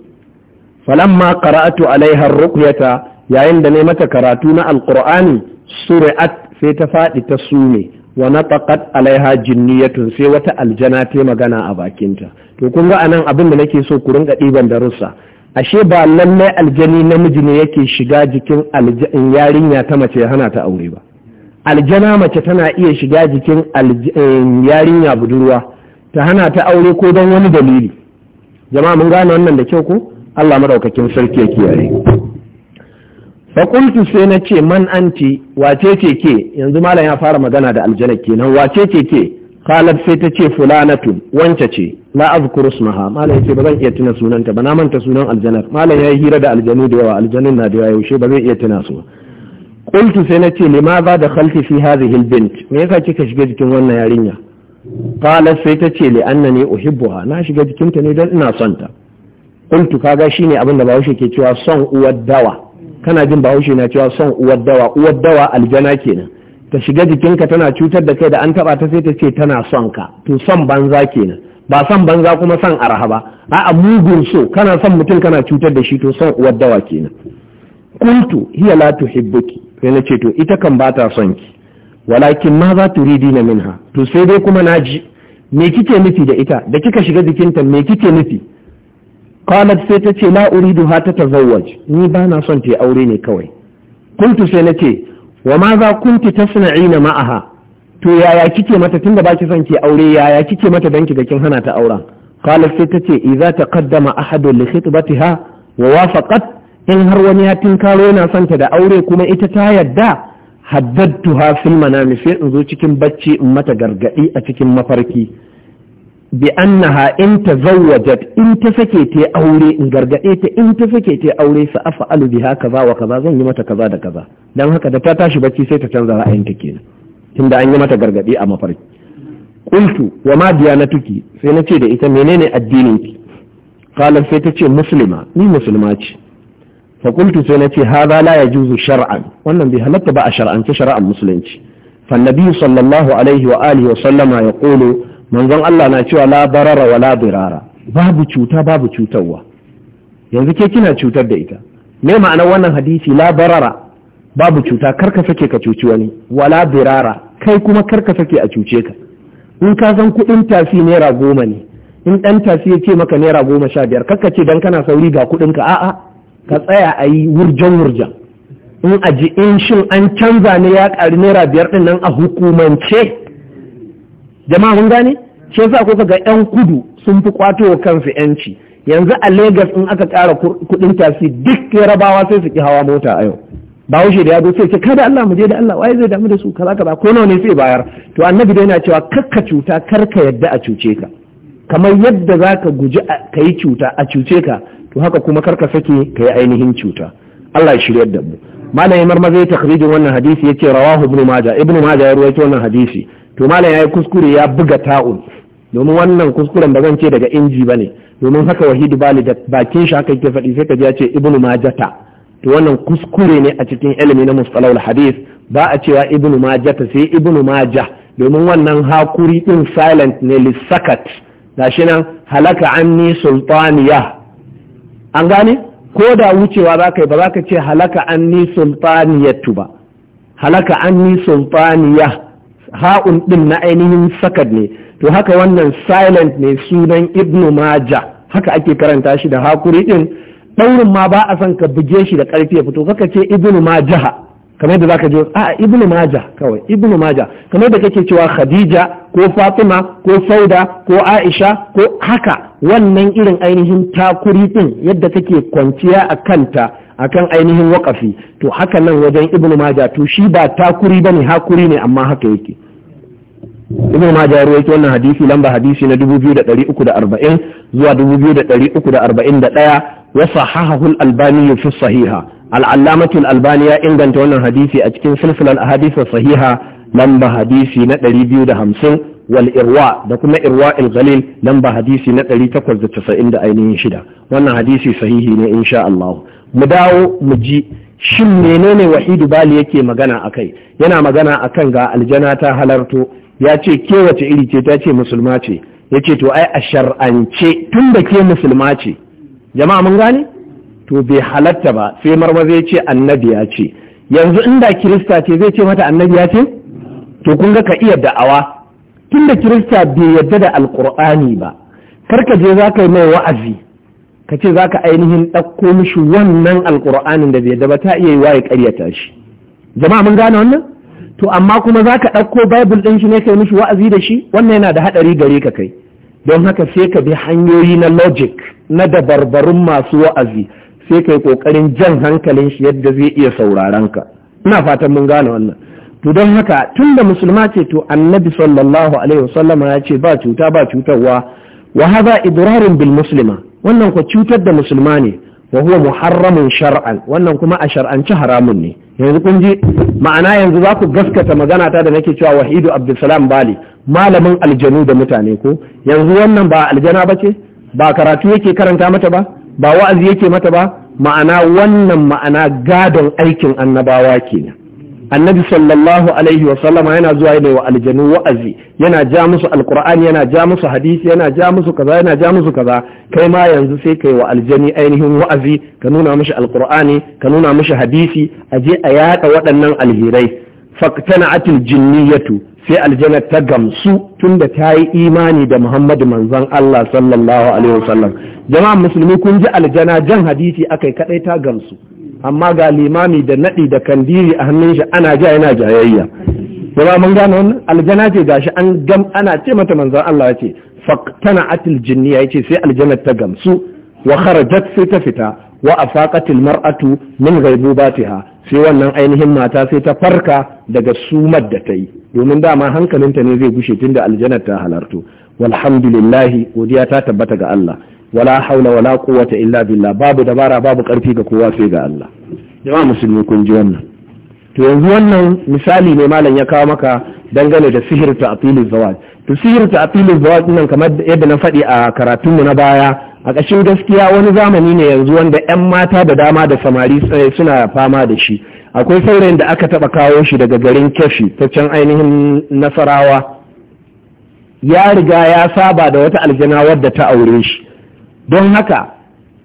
falamma qara'atu alaiha ruqyata yayin da ne mata karatu na alqur'ani suri'at sai ta fadi ta sume wa nataqat alaiha jinniyatun sai wata aljana ta magana a bakinta to kun ga anan abin da nake so ku rinka diban darussa ashe ba lallai aljani namiji ne yake shiga jikin yarinya ta mace hana ta aure ba aljana mace tana iya shiga jikin yarinya budurwa ta hana ta aure ko don wani dalili jama'a mun gane wannan da kyau ko Allah madaukakin sarki ya kiyaye fakultu sai na ce man anti wace ce ke yanzu malam ya fara magana da aljana kenan wace ce ke qalat sai ta ce fulanatu wance ce la azkuru ismaha malam ce ba zan iya tuna sunanta ba na manta sunan aljanar malam yayi hira da aljanu da yawa aljanun na da yawa yaushe ba zai iya tuna su qultu sai na nace limaza da khalti fi hadhihi albint me yasa kika shiga jikin wannan yarinya qalat sai ta ce li annani uhibbuha na shiga jikinta ne dan ina son ta qultu kaga shi ne abinda Bahaushe ke cewa son uwar dawa kana jin Bahaushe na cewa son uwar dawa uwar dawa aljana kenan ta shiga jikinka tana cutar da kai da an taba ta sai ta ce tana son ka to son banza kenan ba son banza kuma son arha ba a'a mugun so kana son mutum kana cutar da shi to son uwar dawa kenan kuntu hiya la tuhibbuki sai na ce to ita kan ba ta son ki walakin ma za tu ridi na minha to sai dai kuma na ji me kike nufi da ita da kika shiga jikinta me kike nufi qalat sai ta ce la uridu ha ta tazawwaj ni ba na son ta aure ne kawai kuntu sai na ce wa ma za kunti tasna'ina ma'aha to yaya kike mata tunda baki son ki aure yaya kike mata danki da kin hana ta auren qalat sai ta ce idza taqaddama ahadun li khitbatiha wa wafaqat in har wani ya tinkaro yana son ta da aure kuma ita ta yadda ha fil manami sai in zo cikin bacci in mata gargaɗi a cikin mafarki bi annaha in tazawwajat in ta sake ta aure in gargade ta in ta sake ta aure sa af'alu biha kaza wa kaza zan yi mata kaza da kaza dan haka da ta tashi bacci sai ta canza ra'ayin ta kenan tunda an yi mata gargaɗi a mafarki qultu wa ma diyanatuki sai nace da ita menene addinin ki qalat sai ta ce muslima ni musulma ce fakultu sai na ce haza la ya juzu shar'an wannan bai halatta ba a shar'ance shari'ar musulunci fannabi sallallahu alaihi wa alihi wa sallama ya kolo manzon Allah na cewa la barara wa la birara babu cuta babu cutarwa yanzu ke kina cutar da ita me ma'ana wannan hadisi la barara babu cuta kar ka sake ka cuci wani wala birara kai kuma kar ka sake a cuce ka in ka san kuɗin tafi naira goma ne in ɗan tafi ya ce maka naira goma sha biyar kar ka ce dan kana sauri ga kuɗinka a'a ka tsaya a yi wurjan wurjan in a ji in shin an canza ne ya ƙari naira biyar ɗin nan a hukumance jama'a mun gane shi yasa ko ga yan kudu sun fi kwato kansu yanci yanzu a Legas in aka ƙara kuɗin tasi duk rabawa sai su ki hawa mota a yau ba wuce da yado sai ce kada Allah mu je da Allah wai zai damu da su kaza kaza ko nawa ne sai bayar to annabi dai yana cewa karka cuta karka yadda a cuce ka kamar yadda zaka guji ka yi cuta a cuce ka to haka kuma karka sake ka yi ainihin cuta Allah ya shiryar da mu malam imar maza ya takhrijin wannan hadisi yace rawahu ibn maja. Ibn maja ya ruwaito wannan hadisi to malam yayi kuskure ya buga ta'un domin wannan kuskuren ba zan ce daga inji bane domin haka wahidu bali da bakin shi haka yake faɗi sai ka ji ya ce ibnu majata to wannan kuskure ne a cikin ilimi na mustalahul hadis. ba a cewa ibnu majata sai ibnu maja domin wannan hakuri din silent ne lisakat gashi nan halaka anni sultaniya an gane ko da wucewa za ka yi ba za ka ce halaka an ni sulfaniyattu ba halaka an ni sulfaniya ha'un ɗin na ainihin sakad ne to haka wannan silent ne sunan Ibn maja haka ake karanta shi da hakuri ɗin ɗaurin ma ba a son ka buge shi da ƙarfi ya fito kaka ce Ibn majaha kamar da zaka je, a Ibn maja kawai Ibn maja kamar da kake cewa khadija ko fatima ko sauda ko aisha ko haka wannan irin ainihin takuri din yadda take kwanciya a kanta akan ainihin wakafi to haka nan wajen Ibn maja to shi ba takuri bane hakuri ne amma haka yake ibn majah ruwaito wannan hadisi lamba hadisi na 2340 zuwa 2341 wa sahahahu al-albani fi sahiha al-allamatu al-albani ya inganta wannan hadisi a cikin silsilar ahadith sahiha lamba hadisi na 250 wal irwa da kuma irwa al nan lamba hadisi na 890 da ainihin shida wannan hadisi sahihi ne insha Allah mu dawo mu ji shin menene wahidu bali yake magana akai yana magana akan ga aljana ta halarto ya ce kewace iri ce ta ce musulma ce ya ce to ai a shar'ance tun da ke musulma ce jama'a mun gane to bai halatta ba sai marmaza ya ce annabi ya ce yanzu inda kirista ce zai ce mata annabi ya ce to kun ga ka iya da'awa tunda kirista bai yadda da alkur'ani ba kar ka je za ka yi mai wa'azi ka ce za ka ainihin ɗauko mishi wannan alkur'anin da bai yadda ba ta iya yi waye ƙaryata shi jama'a mun gane wannan to amma kuma za ka ɗauko bible ɗin shi ne kai mishi wa'azi da shi wannan yana da haɗari gare ka kai don haka sai ka bi hanyoyi na logic na dabarbarun masu wa'azi sai ka yi ƙoƙarin jan hankalin shi yadda zai iya sauraron ka ina fatan mun gane wannan to don haka da musulma ce to annabi sallallahu alaihi wasallama ya ce ba cuta ba cutarwa wa hadha idrarun bil muslima wannan ko cutar da musulma ne wa huwa muharramun shar'an wannan kuma a shar'anci haramun ne yanzu kun ji ma'ana yanzu za ku gaskata magana ta da nake cewa wahidu abdulsalam bali malamin aljanu da mutane ko yanzu wannan ba aljana ba ce ba karatu yake karanta mata ba ba wa'azi yake mata ba ma'ana wannan ma'ana gadon aikin annabawa kenan annabi sallallahu alaihi wa sallama yana zuwa yana wa aljanu wa'azi yana ja musu alqur'ani yana ja musu hadisi yana ja musu kaza yana ja musu kaza kai ma yanzu sai kai wa aljani ainihin wa'azi ka nuna mishi alqur'ani ka nuna mishi hadisi a je a yaka waɗannan alhirai faqtana'atil jinniyatu sai aljanna ta gamsu tunda ta yi imani da Muhammadu manzon Allah sallallahu alaihi sallam jama'a musulmi kun ji aljana jan hadisi akai kadai ta gamsu amma ga limami da naɗi da kandiri a hannun shi ana ja yana jayayya ba mun gane wannan aljana ce gashi an gam ana ce mata manzon Allah ya ce faqtana atil jinniya yace sai aljanar ta gamsu wa kharajat sai ta fita wa afaqatil mar'atu min ghaibubatiha sai wannan ainihin mata sai ta farka daga sumar da ta yi domin dama hankalinta ne zai gushe tunda aljanar ta halarto walhamdulillah godiya ta tabbata ga Allah wala haula wala quwwata illa billah babu dabara babu karfi ga kowa sai ga Allah jama'a musulmi kun ji wannan to yanzu wannan misali ne malam ya kawo maka dangane da sihir ta'til zawaj to sihir ta'til zawaj nan kamar yadda na faɗi a karatun mu na baya a ƙashin gaskiya wani zamani ne yanzu wanda 'yan mata da dama da samari eh, suna fama da shi akwai saurayin da aka taɓa kawo shi daga garin kefi ta can ainihin nasarawa ya riga ya saba da wata aljana wadda ta aure shi don haka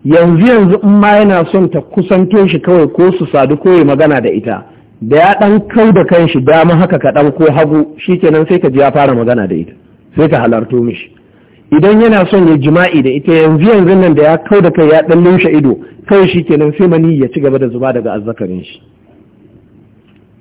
yanzu yanzu in ma yana son ta kusanto shi kawai ko su sadu ko yi magana da ita da ya ɗan kau da kanshi dama haka kaɗan ko hagu shi sai ka ji ya fara magana da ita sai ka halarto mishi idan yana son ya jima'i da ita yanzu yanzu nan da ya kau da kai ya ɗan lushe ido kawai shi sai mani ya ci gaba da zuba daga azzakarin shi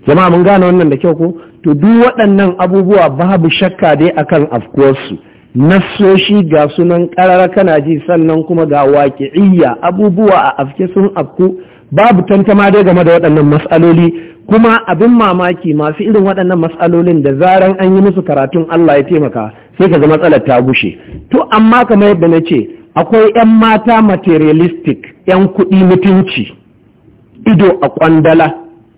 jama'a mun gane wannan da kyau ko to duk waɗannan abubuwa babu shakka dai akan afkuwarsu nassoshi ga sunan karara kana ji sannan kuma ga waƙi'iyya abubuwa a afke sun afku babu tantama dai game da waɗannan matsaloli kuma abin mamaki masu irin waɗannan matsalolin da zaran an yi musu karatun Allah ya taimaka sai ka ga matsalar ta gushe to amma kamar yadda na ce akwai 'yan mata materialistic 'yan kuɗi mutunci ido a kwandala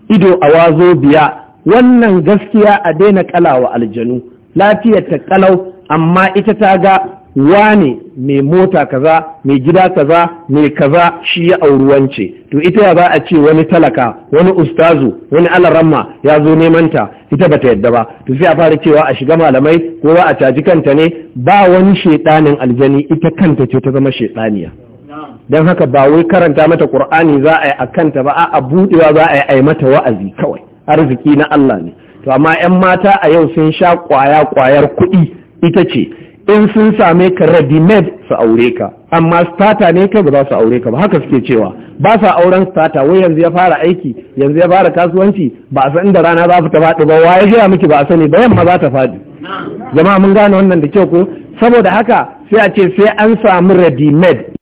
ido a wazo biya wannan gaskiya a daina kalawa aljanu lafiyar ta kalau amma ita ta ga wane mai mota kaza mai gida kaza mai kaza shi ya auri wance to ita ya za a ce wani talaka wani ustazu wani alaramma ya zo neman ta ita bata yadda ba to sai a fara cewa a shiga malamai kowa a caji kanta ne ba wani shaidanin aljani ita kanta ce ta zama shaidaniya don haka ba wai karanta mata qur'ani za a yi a kanta ba a buɗewa za a yi a yi mata wa'azi kawai arziki na Allah ne to amma 'yan mata a yau sun sha kwaya kwayar kuɗi ita ce in sun same ka ready made su aure ka amma starter ne kai ba za su aure ka ba haka suke cewa ba sa auren stata, wai yanzu ya fara aiki yanzu ya fara kasuwanci ba a san inda rana za ta faɗi ba waye gaya miki ba a sani ba yamma za ta faɗi jama'a mun gane wannan da kyau ko saboda haka sai a ce sai an samu ready made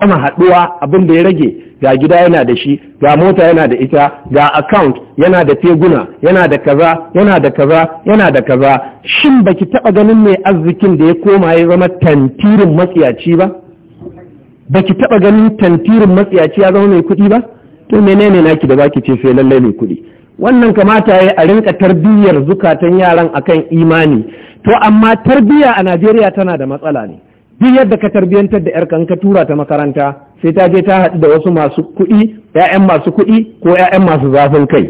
gama haɗuwa abin da ya rage ga gida yana da shi ga mota yana da ita ga account yana da teguna yana da kaza yana da kaza yana da kaza shin baki taba ganin mai arzikin da ya koma ya zama tantirin matsiyaci ba baki taɓa ganin tantirin matsiyaci ya zama mai kuɗi ba to menene naki da baki ce sai lallai mai kuɗi wannan kamata ya a rinka tarbiyyar zukatan yaran akan imani to amma tarbiyya a Najeriya tana da matsala ne duk yadda ka tarbiyantar da yarka ka tura ta makaranta sai ta je ta haɗu da wasu masu kuɗi 'ya'yan masu kuɗi ko 'ya'yan masu zafin kai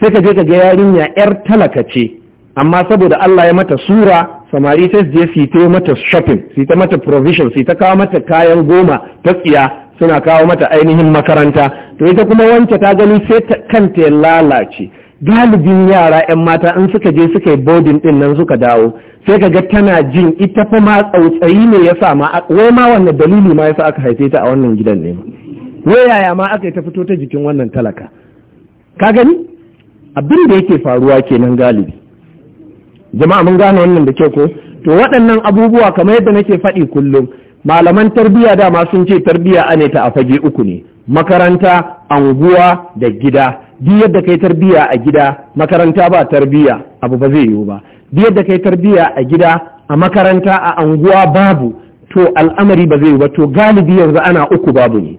sai ka je ka ga yarinya yar talaka ce amma saboda Allah ya mata sura samari ta je su ta mata shopping su ta mata provision su ta kawo mata kayan goma ta tsiya suna kawo mata ainihin makaranta to ita kuma wance ta gani sai kanta ya lalace galibin yara 'yan mata in suka je suka yi bodin din nan suka dawo sai ka ga tana jin ita fa ma tsautsayi ne ya sa ma wai ma wannan dalili ma yasa aka haife ta a wannan gidan ne wai yaya ma aka yi ta fito ta jikin wannan talaka ka gani abin da yake faruwa kenan galibi jama'a mun gane wannan da kyau ko to waɗannan abubuwa kamar yadda nake faɗi kullum malaman tarbiyya dama sun ce tarbiyya ane a fage uku ne makaranta anguwa da gida duk yadda kai tarbiya a gida makaranta ba tarbiya abu ba zai yiwu ba duk yadda kai tarbiya a gida a makaranta a anguwa babu to al'amari ba zai yiwu ba to galibi yanzu ana uku babu ne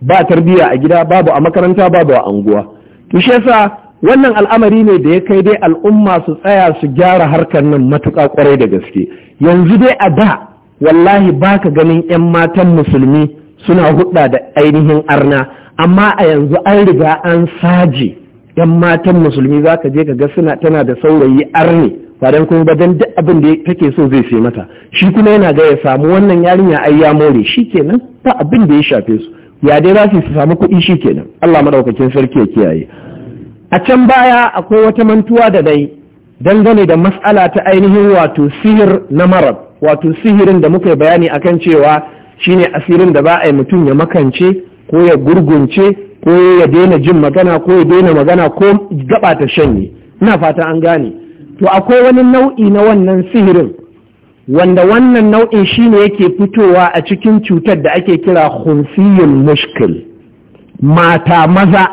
ba tarbiya a gida babu a makaranta babu a anguwa to shi yasa wannan al'amari ne da ya kai dai al'umma su tsaya su gyara harkar nan matuƙa kwarai da gaske yanzu dai a da wallahi baka ganin 'yan matan musulmi suna hudda da ainihin arna amma a yanzu an riga an saje yan matan musulmi za ka je ka ga suna tana da saurayi arne ba don kuma ba duk abin da take so zai sai mata shi kuma yana ga ya samu wannan yarinya ai ya more shi kenan ba abin da ya shafe su ya dai za su samu kuɗi shi kenan Allah madaukakin sarki ya kiyaye a can baya akwai wata mantuwa da dai dangane da mas'ala ta ainihin wato sihir na marab wato sihirin da muka bayani akan cewa shine asirin da ba a yi mutum ya makance ko ya gurgunce ko ya daina jin magana ko ya daina magana ko gaba ta shanye ina fata an gane to akwai wani nau'i na wannan sihirin wanda wannan nau'in shine yake fitowa a cikin cutar da ake kira hunsiyin mushkil mata maza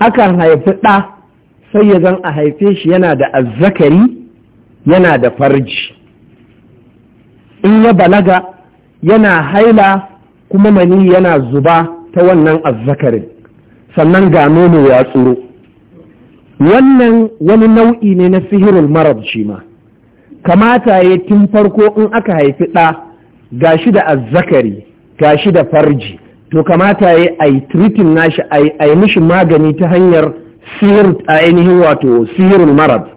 akan haifi ɗa sai ya zan a haife shi yana da azzakari yana da farji in ya balaga yana haila kuma mani yana zuba ta wannan azzakarin sannan ga nono ya tsoro wannan wani nau'i ne na sihirin marar shi ma kamata ya tun farko in aka haifi ɗa ga shi da azzakari ga shi da farji to kamata ya a yi tritin nashi a yi mishi magani ta hanyar sihir a ainihin wato sihirul marar.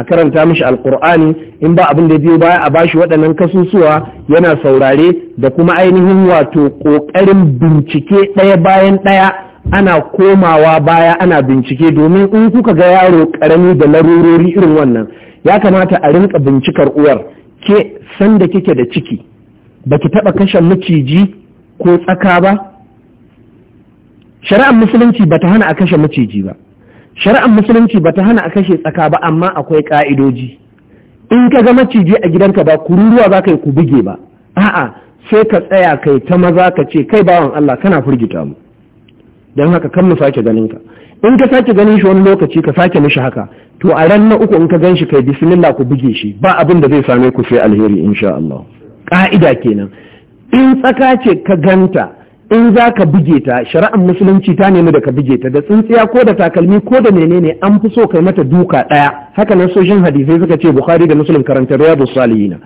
a karanta mishi alkur'ani in ba abin da biyo baya a bashi waɗannan kasusuwa yana saurare da kuma ainihin wato ƙoƙarin bincike ɗaya bayan ɗaya ana komawa baya ana bincike domin in kuka ga yaro ƙarami da larurori irin wannan ya kamata a rinka bincikar uwar ke sanda kike da ciki baki taɓa kashe maciji ko tsaka ba shari'ar musulunci bata hana a kashe maciji ba shari'ar musulunci ba ta hana a kashe tsaka ba amma akwai ka'idoji in ka ga maciji a gidanka ba kururuwa za ka yi ku buge ba a'a sai ka tsaya kai ta maza ka ce kai bawan Allah kana furgita mu don haka kan mu sake ganin ka in ka sake ganin shi wani lokaci ka sake mishi haka to a ran na uku in ka gan shi kai bismillah ku buge shi ba abin da zai same ku sai alheri insha Allah ka'ida kenan in tsaka ce ka ganta in za ka buge ta shari'ar musulunci ta nemi da ka buge ta da tsintsiya ko da takalmi ko da menene an fi so kai mata duka ɗaya haka nan sojin hadisai suka ce bukhari da muslim karanta riyadu salihina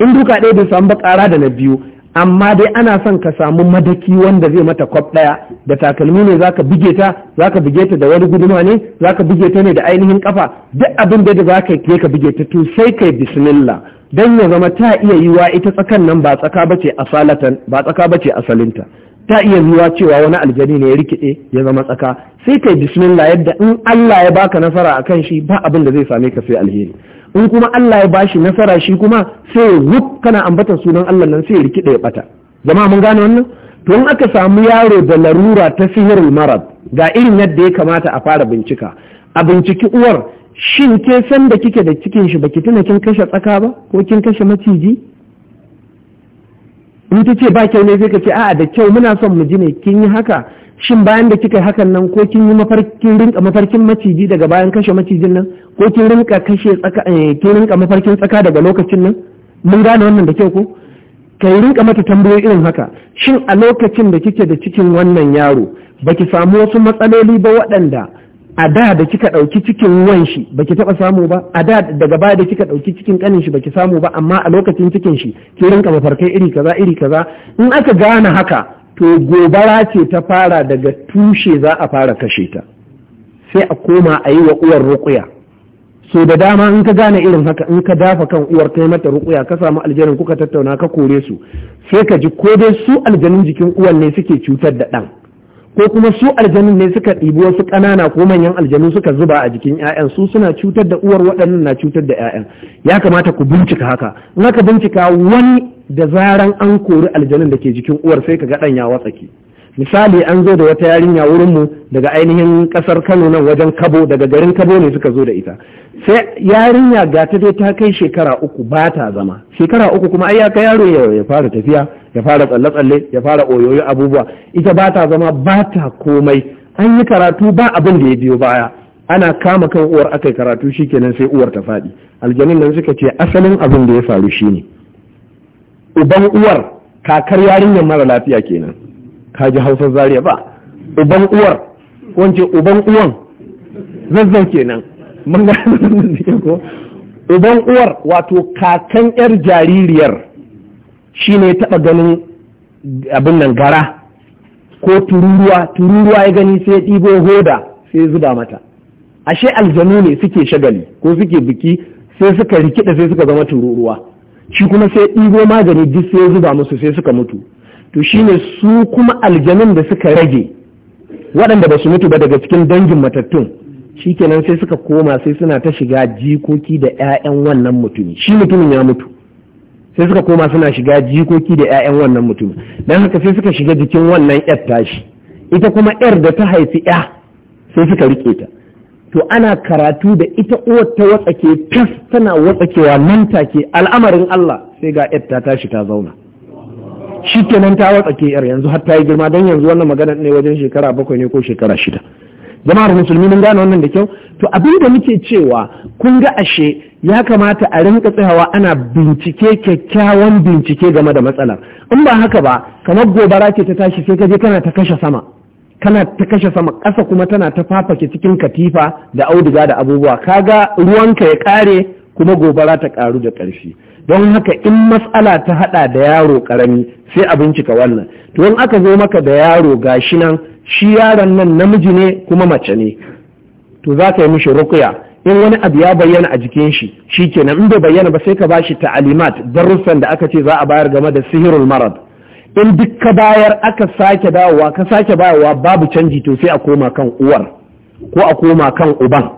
in duka ɗaya bai samu bakara da na biyu amma dai ana son ka samu madaki wanda zai mata kwaf ɗaya da takalmi ne zaka buge ta zaka buge ta da wani guduma ne zaka buge ta ne da ainihin kafa duk abin da za zaka ke ka buge ta to sai kai bismillah dan ya zama ta iya yiwa ita tsakan nan ba tsaka bace asalatan ba tsaka bace asalinta ta iya zuwa cewa wani aljani ne ya rikide ya zama tsaka sai kai bismillah yadda in Allah ya baka nasara akan shi ba abin da zai same ka sai alheri in kuma Allah ya bashi nasara shi kuma sai wuk kana ambata sunan Allah nan sai ya rikide ya bata jama'a mun gane wannan to in aka samu yaro da larura ta sihirul marad ga irin yadda ya kamata a fara bincika a binciki uwar shin ke san da kike da cikin shi baki tuna kin kashe tsaka ba ko kin kashe maciji in ta ce ba kyau ne sai ka ce a'a da kyau muna son mu ji ne kin yi haka shin bayan da kika yi hakan nan ko kin yi mafarkin rinka mafarkin maciji daga bayan kashe macijin nan ko kin rinka kashe tsaka eh, kin rinka mafarkin tsaka daga lokacin nan mun gane wannan da kyau ko kai rinka mata tambayoyi irin haka shin a lokacin da kike da cikin wannan yaro baki samu wasu matsaloli ba waɗanda a da da kika ɗauki cikin ruwan shi baki taɓa samu ba a da daga baya da kika ɗauki cikin ƙanin shi baki samu ba amma a lokacin cikin shi ki rinka mafarkai iri kaza iri kaza in aka gane haka to gobara ce ta fara daga tushe za a fara kashe ta sai a koma a yi wa uwar ruƙuya so da dama in ka gane irin haka in ka dafa kan uwar kai mata ruƙuya ka samu aljanin kuka tattauna ka kore su sai ka ji ko dai su aljanin jikin uwan ne suke cutar da ɗan ko kuma su aljanun ne suka ɗibi wasu ƙanana ko manyan aljanu suka zuba a jikin 'ya'yan su suna cutar da uwar waɗannan na cutar da 'ya'yan ya kamata ku bincika haka in aka bincika wani da zaran an kori aljanun da ke jikin uwar sai ka ga ɗan ya watsake misali an zo da wata yarinya wurinmu daga ainihin kasar kano nan wajen kabo daga garin kabo ne suka zo da ita sai yarinya ga ta dai ta kai shekara uku ba ta zama shekara uku kuma ai ya kai yaro ya fara tafiya ya fara tsalle-tsalle ya fara oyoyo abubuwa ita ba ta zama ba ta komai an yi karatu ba abin da ya biyo baya ana kama kan uwar aka yi karatu shikenan sai uwar ta faɗi aljanin nan suka ce asalin abin da ya faru shine uban uwar kakar yarinyar mara lafiya kenan ka ji hausar zariya ba uban uwar wance uban uwan zazzau kenan mun ga ko uban uwar wato kakan yar jaririyar shine ya taba ganin abin nan gara ko tururuwa tururuwa ya gani sai ɗibo hoda sai zuba mata ashe aljanu ne suke shagali ko suke biki sai suka rikida sai suka zama tururuwa shi kuma sai ɗibo magani duk sai zuba musu sai suka mutu to shine su kuma aljanun da suka rage waɗanda ba su mutu ba daga cikin dangin matattun shikenan sai suka koma sai suna ta shiga jikoki da 'ya'yan wannan mutumi shi mutumin ya mutu sai suka koma suna shiga jikoki da 'ya'yan wannan mutumin don haka sai suka shiga jikin wannan 'yar tashi ita kuma 'yar da ta haifi 'ya sai suka rike ta to ana karatu da ita uwar ta watsake tas tana watsakewa nan take al'amarin Allah sai ga 'yar ta tashi ta zauna shi kenan ta watsa ke yar yanzu har ta yi girma don yanzu wannan magana ne wajen shekara bakwai ne ko shekara shida jama'ar musulmi mun gane wannan da kyau to abin da muke cewa kun ga ashe ya kamata a rinka tsayawa ana bincike kyakkyawan bincike game da matsalar in ba haka ba kamar gobara ce ta tashi sai ka je kana ta kashe sama kana ta kashe sama ƙasa kuma tana ta fafake cikin katifa da auduga da abubuwa kaga ruwanka ya ƙare kuma gobara ta ƙaru da ƙarfi don haka in matsala ta hada da yaro karami sai a bincika wannan to in aka zo maka da yaro gashi nan shi yaron nan namiji ne kuma mace ne to za ka yi mishi rukuya in wani abu ya bayyana a jikin shi shi kenan in bai bayyana ba sai ka bashi ta'alimat darussan da aka ce za a bayar game da sihirul marad in duk ka bayar aka sake dawowa ka sake bayarwa babu canji to sai a koma kan uwar ko a koma kan uban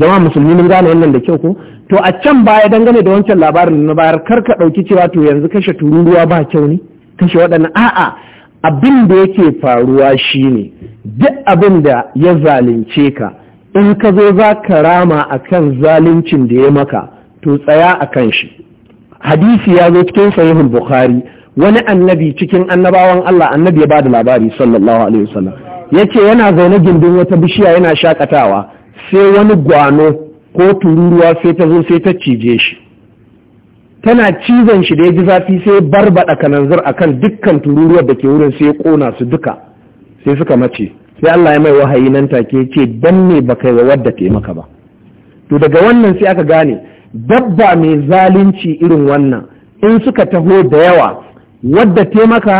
jama'a musulmi mun gane wannan da kyau ko to a can baya dangane da wancan labarin na bayar kar ka ɗauki cewa to yanzu kashe tururuwa ba kyau ne kashe waɗannan a'a abin da yake faruwa shine duk abin da ya zalunce ka in ka zo za ka rama a kan zaluncin da ya maka to tsaya a kan shi hadisi ya zo cikin sahihul bukhari wani annabi cikin annabawan Allah annabi ya bada labari sallallahu alaihi wasallam yake yana zaune gindin wata bishiya yana shakatawa sai wani gwano ko tururuwa sai ta zo sai ta cije shi tana cizon shi da ya ji zafi sai barbaɗa kananzir kan dukkan tururuwar da ke wurin sai ya ƙona su duka sai suka mace sai Allah ya mai wahayi nan take ce dan ne ba kai wa wadda taimaka ba to daga wannan sai aka gane dabba mai zalunci irin wannan in suka taho da yawa wadda taimaka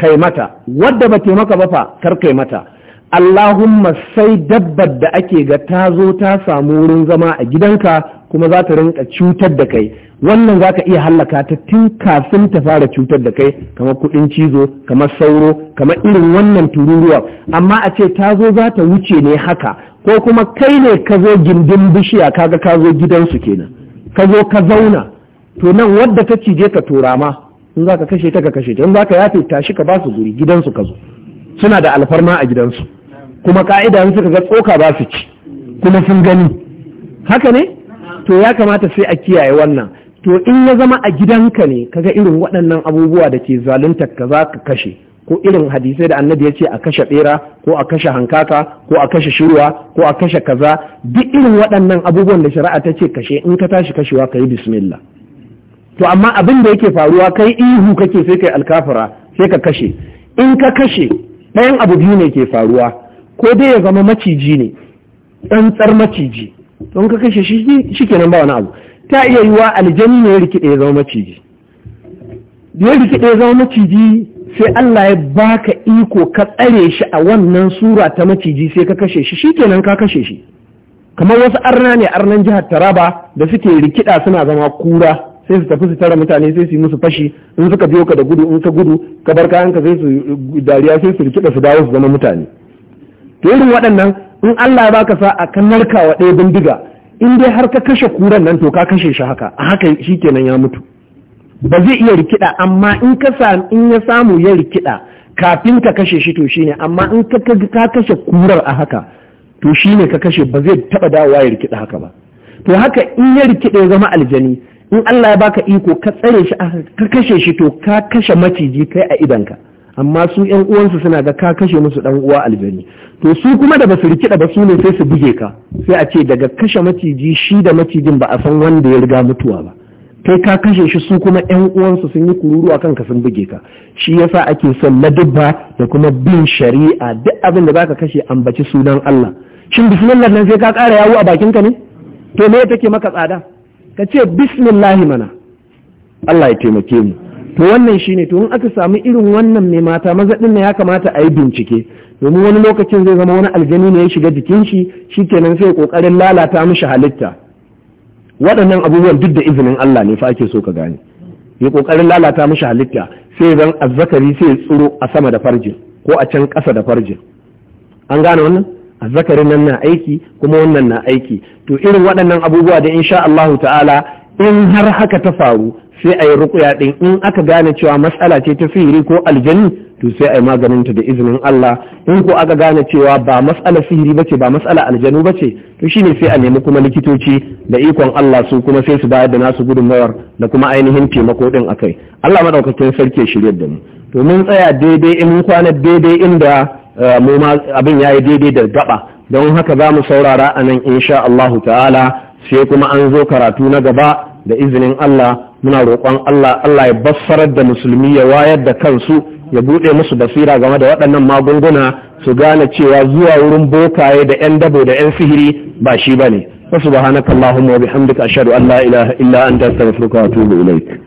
kai mata wadda ba taimaka ba fa kar kai mata Allahumma sai dabbar da ake ga ta zo ta samu wurin zama a gidanka kuma za ta rinka cutar da kai wannan za ka iya hallaka ta tun kafin ta fara cutar da kai kamar kudin cizo kamar sauro kamar irin wannan tururuwa amma a ce ta zo za ta wuce ne haka ko kuma kai ne ka zo gindin bishiya kaga ka zo gidansu kenan ka zo ka zauna to nan wadda ta cije ka tura ma in za ka kashe ta ka kashe ta in za ka yafe tashi ka ba su guri gidansu ka zo suna da alfarma a gidansu kuma ka'ida in suka ga tsoka ba su ci kuma sun gani haka ne to ya kamata sai a kiyaye wannan to in ya zama a gidanka ne kaga irin waɗannan abubuwa da ke zalunta ka za ka kashe ko irin hadisai da annabi ya ce a kashe bera ko a kashe hankaka ko a kashe shirwa ko a kashe kaza duk irin waɗannan abubuwan da shari'a ta ce kashe in ka tashi kashewa ka yi bismillah to amma abin da yake faruwa kai ihu kake sai kai alkafara sai ka kashe in ka kashe ɗayan abu biyu ne ke faruwa ko dai ya zama maciji ne tsantsar maciji don ka kashe shi kenan ba wani abu ta iya yiwa aljanni ne ya rikide ya zama maciji da ya rikide ya zama maciji sai Allah ya baka iko ka tsare shi a wannan sura ta maciji sai ka kashe shi shi kenan ka kashe shi kamar wasu arna ne arnan jihar Taraba da suke rikida suna zama kura sai su tafi su tara mutane sai su yi musu fashi in suka biyo ka da gudu in ka gudu ka bar kayan ka sai su dariya sai su rikida su dawo su zama mutane to irin waɗannan in Allah ya baka sa a kan narkawa ɗaya bindiga in dai har ka kashe kuran nan to ka kashe shi haka a haka shikenan ya mutu ba zai iya rikida amma in ka in ya samu ya rikida kafin ka kashe shi to shine amma in ka kashe kurar a haka to shine ka kashe ba zai taba dawowa ya rikida haka ba to haka in ya rikida ya zama aljani in Allah ya baka iko ka tsare shi ka kashe shi to ka kashe maciji kai a idanka amma su yan uwansu suna ga ka kashe musu dan uwa aljani to su kuma da basu rikida ba su ne sai su buge ka sai a ce daga kashe maciji shi da macijin ba a san wanda ya riga mutuwa ba kai ka kashe shi su kuma yan uwansu sun yi kururu akan ka sun buge ka shi yasa ake son ladubba da kuma bin shari'a duk abin da zaka kashe ambaci sunan Allah shin bismillah nan sai ka ƙara yawo a bakin ka ne to me take maka tsada ka ce bismillah mana Allah ya taimake mu to wannan shine to in aka samu irin wannan mai mata maza ɗin din ya kamata a yi bincike domin wani lokacin zai zama wani aljani ne ya shiga jikin shi shikenan sai kokarin lalata mishi halitta waɗannan abubuwan duk da izinin Allah ne fa ake so ka gane ya kokarin lalata mishi halitta sai zan azzakari sai tsiro a sama da farjin ko a can ƙasa da farji an gane wannan azzakarin nan na aiki kuma wannan na aiki to irin waɗannan abubuwa da insha Allahu ta'ala in har haka ta faru sai a yi rukuya ɗin in aka gane cewa matsala ce ta sihiri ko aljani to sai a yi maganinta da izinin Allah in ko aka gane cewa ba matsala sihiri bace ba matsala aljanu bace ce to shine sai a nemi kuma likitoci da ikon Allah su kuma sai su bayar da nasu gudunmawar da kuma ainihin taimako ɗin akai Allah madaukakin sarki shirya da mu to mun tsaya daidai in mun kwana daidai inda eh, mu ma abin yayi daidai da gaba don haka za mu saurara anan nan insha Allah ta'ala sai kuma an zo karatu na gaba da izinin Allah muna roƙon Allah Allah ya bassarar da musulmi ya wayar da kansu ya buɗe musu basira game da waɗannan magunguna su gane cewa zuwa wurin bokaye da 'yan dabo da 'yan sihiri ba shi ba ne. Wasu bane subhanakallahumma wa bihamdika ashhadu an la ilaha illa anta astaghfiruka wa atubu ilaik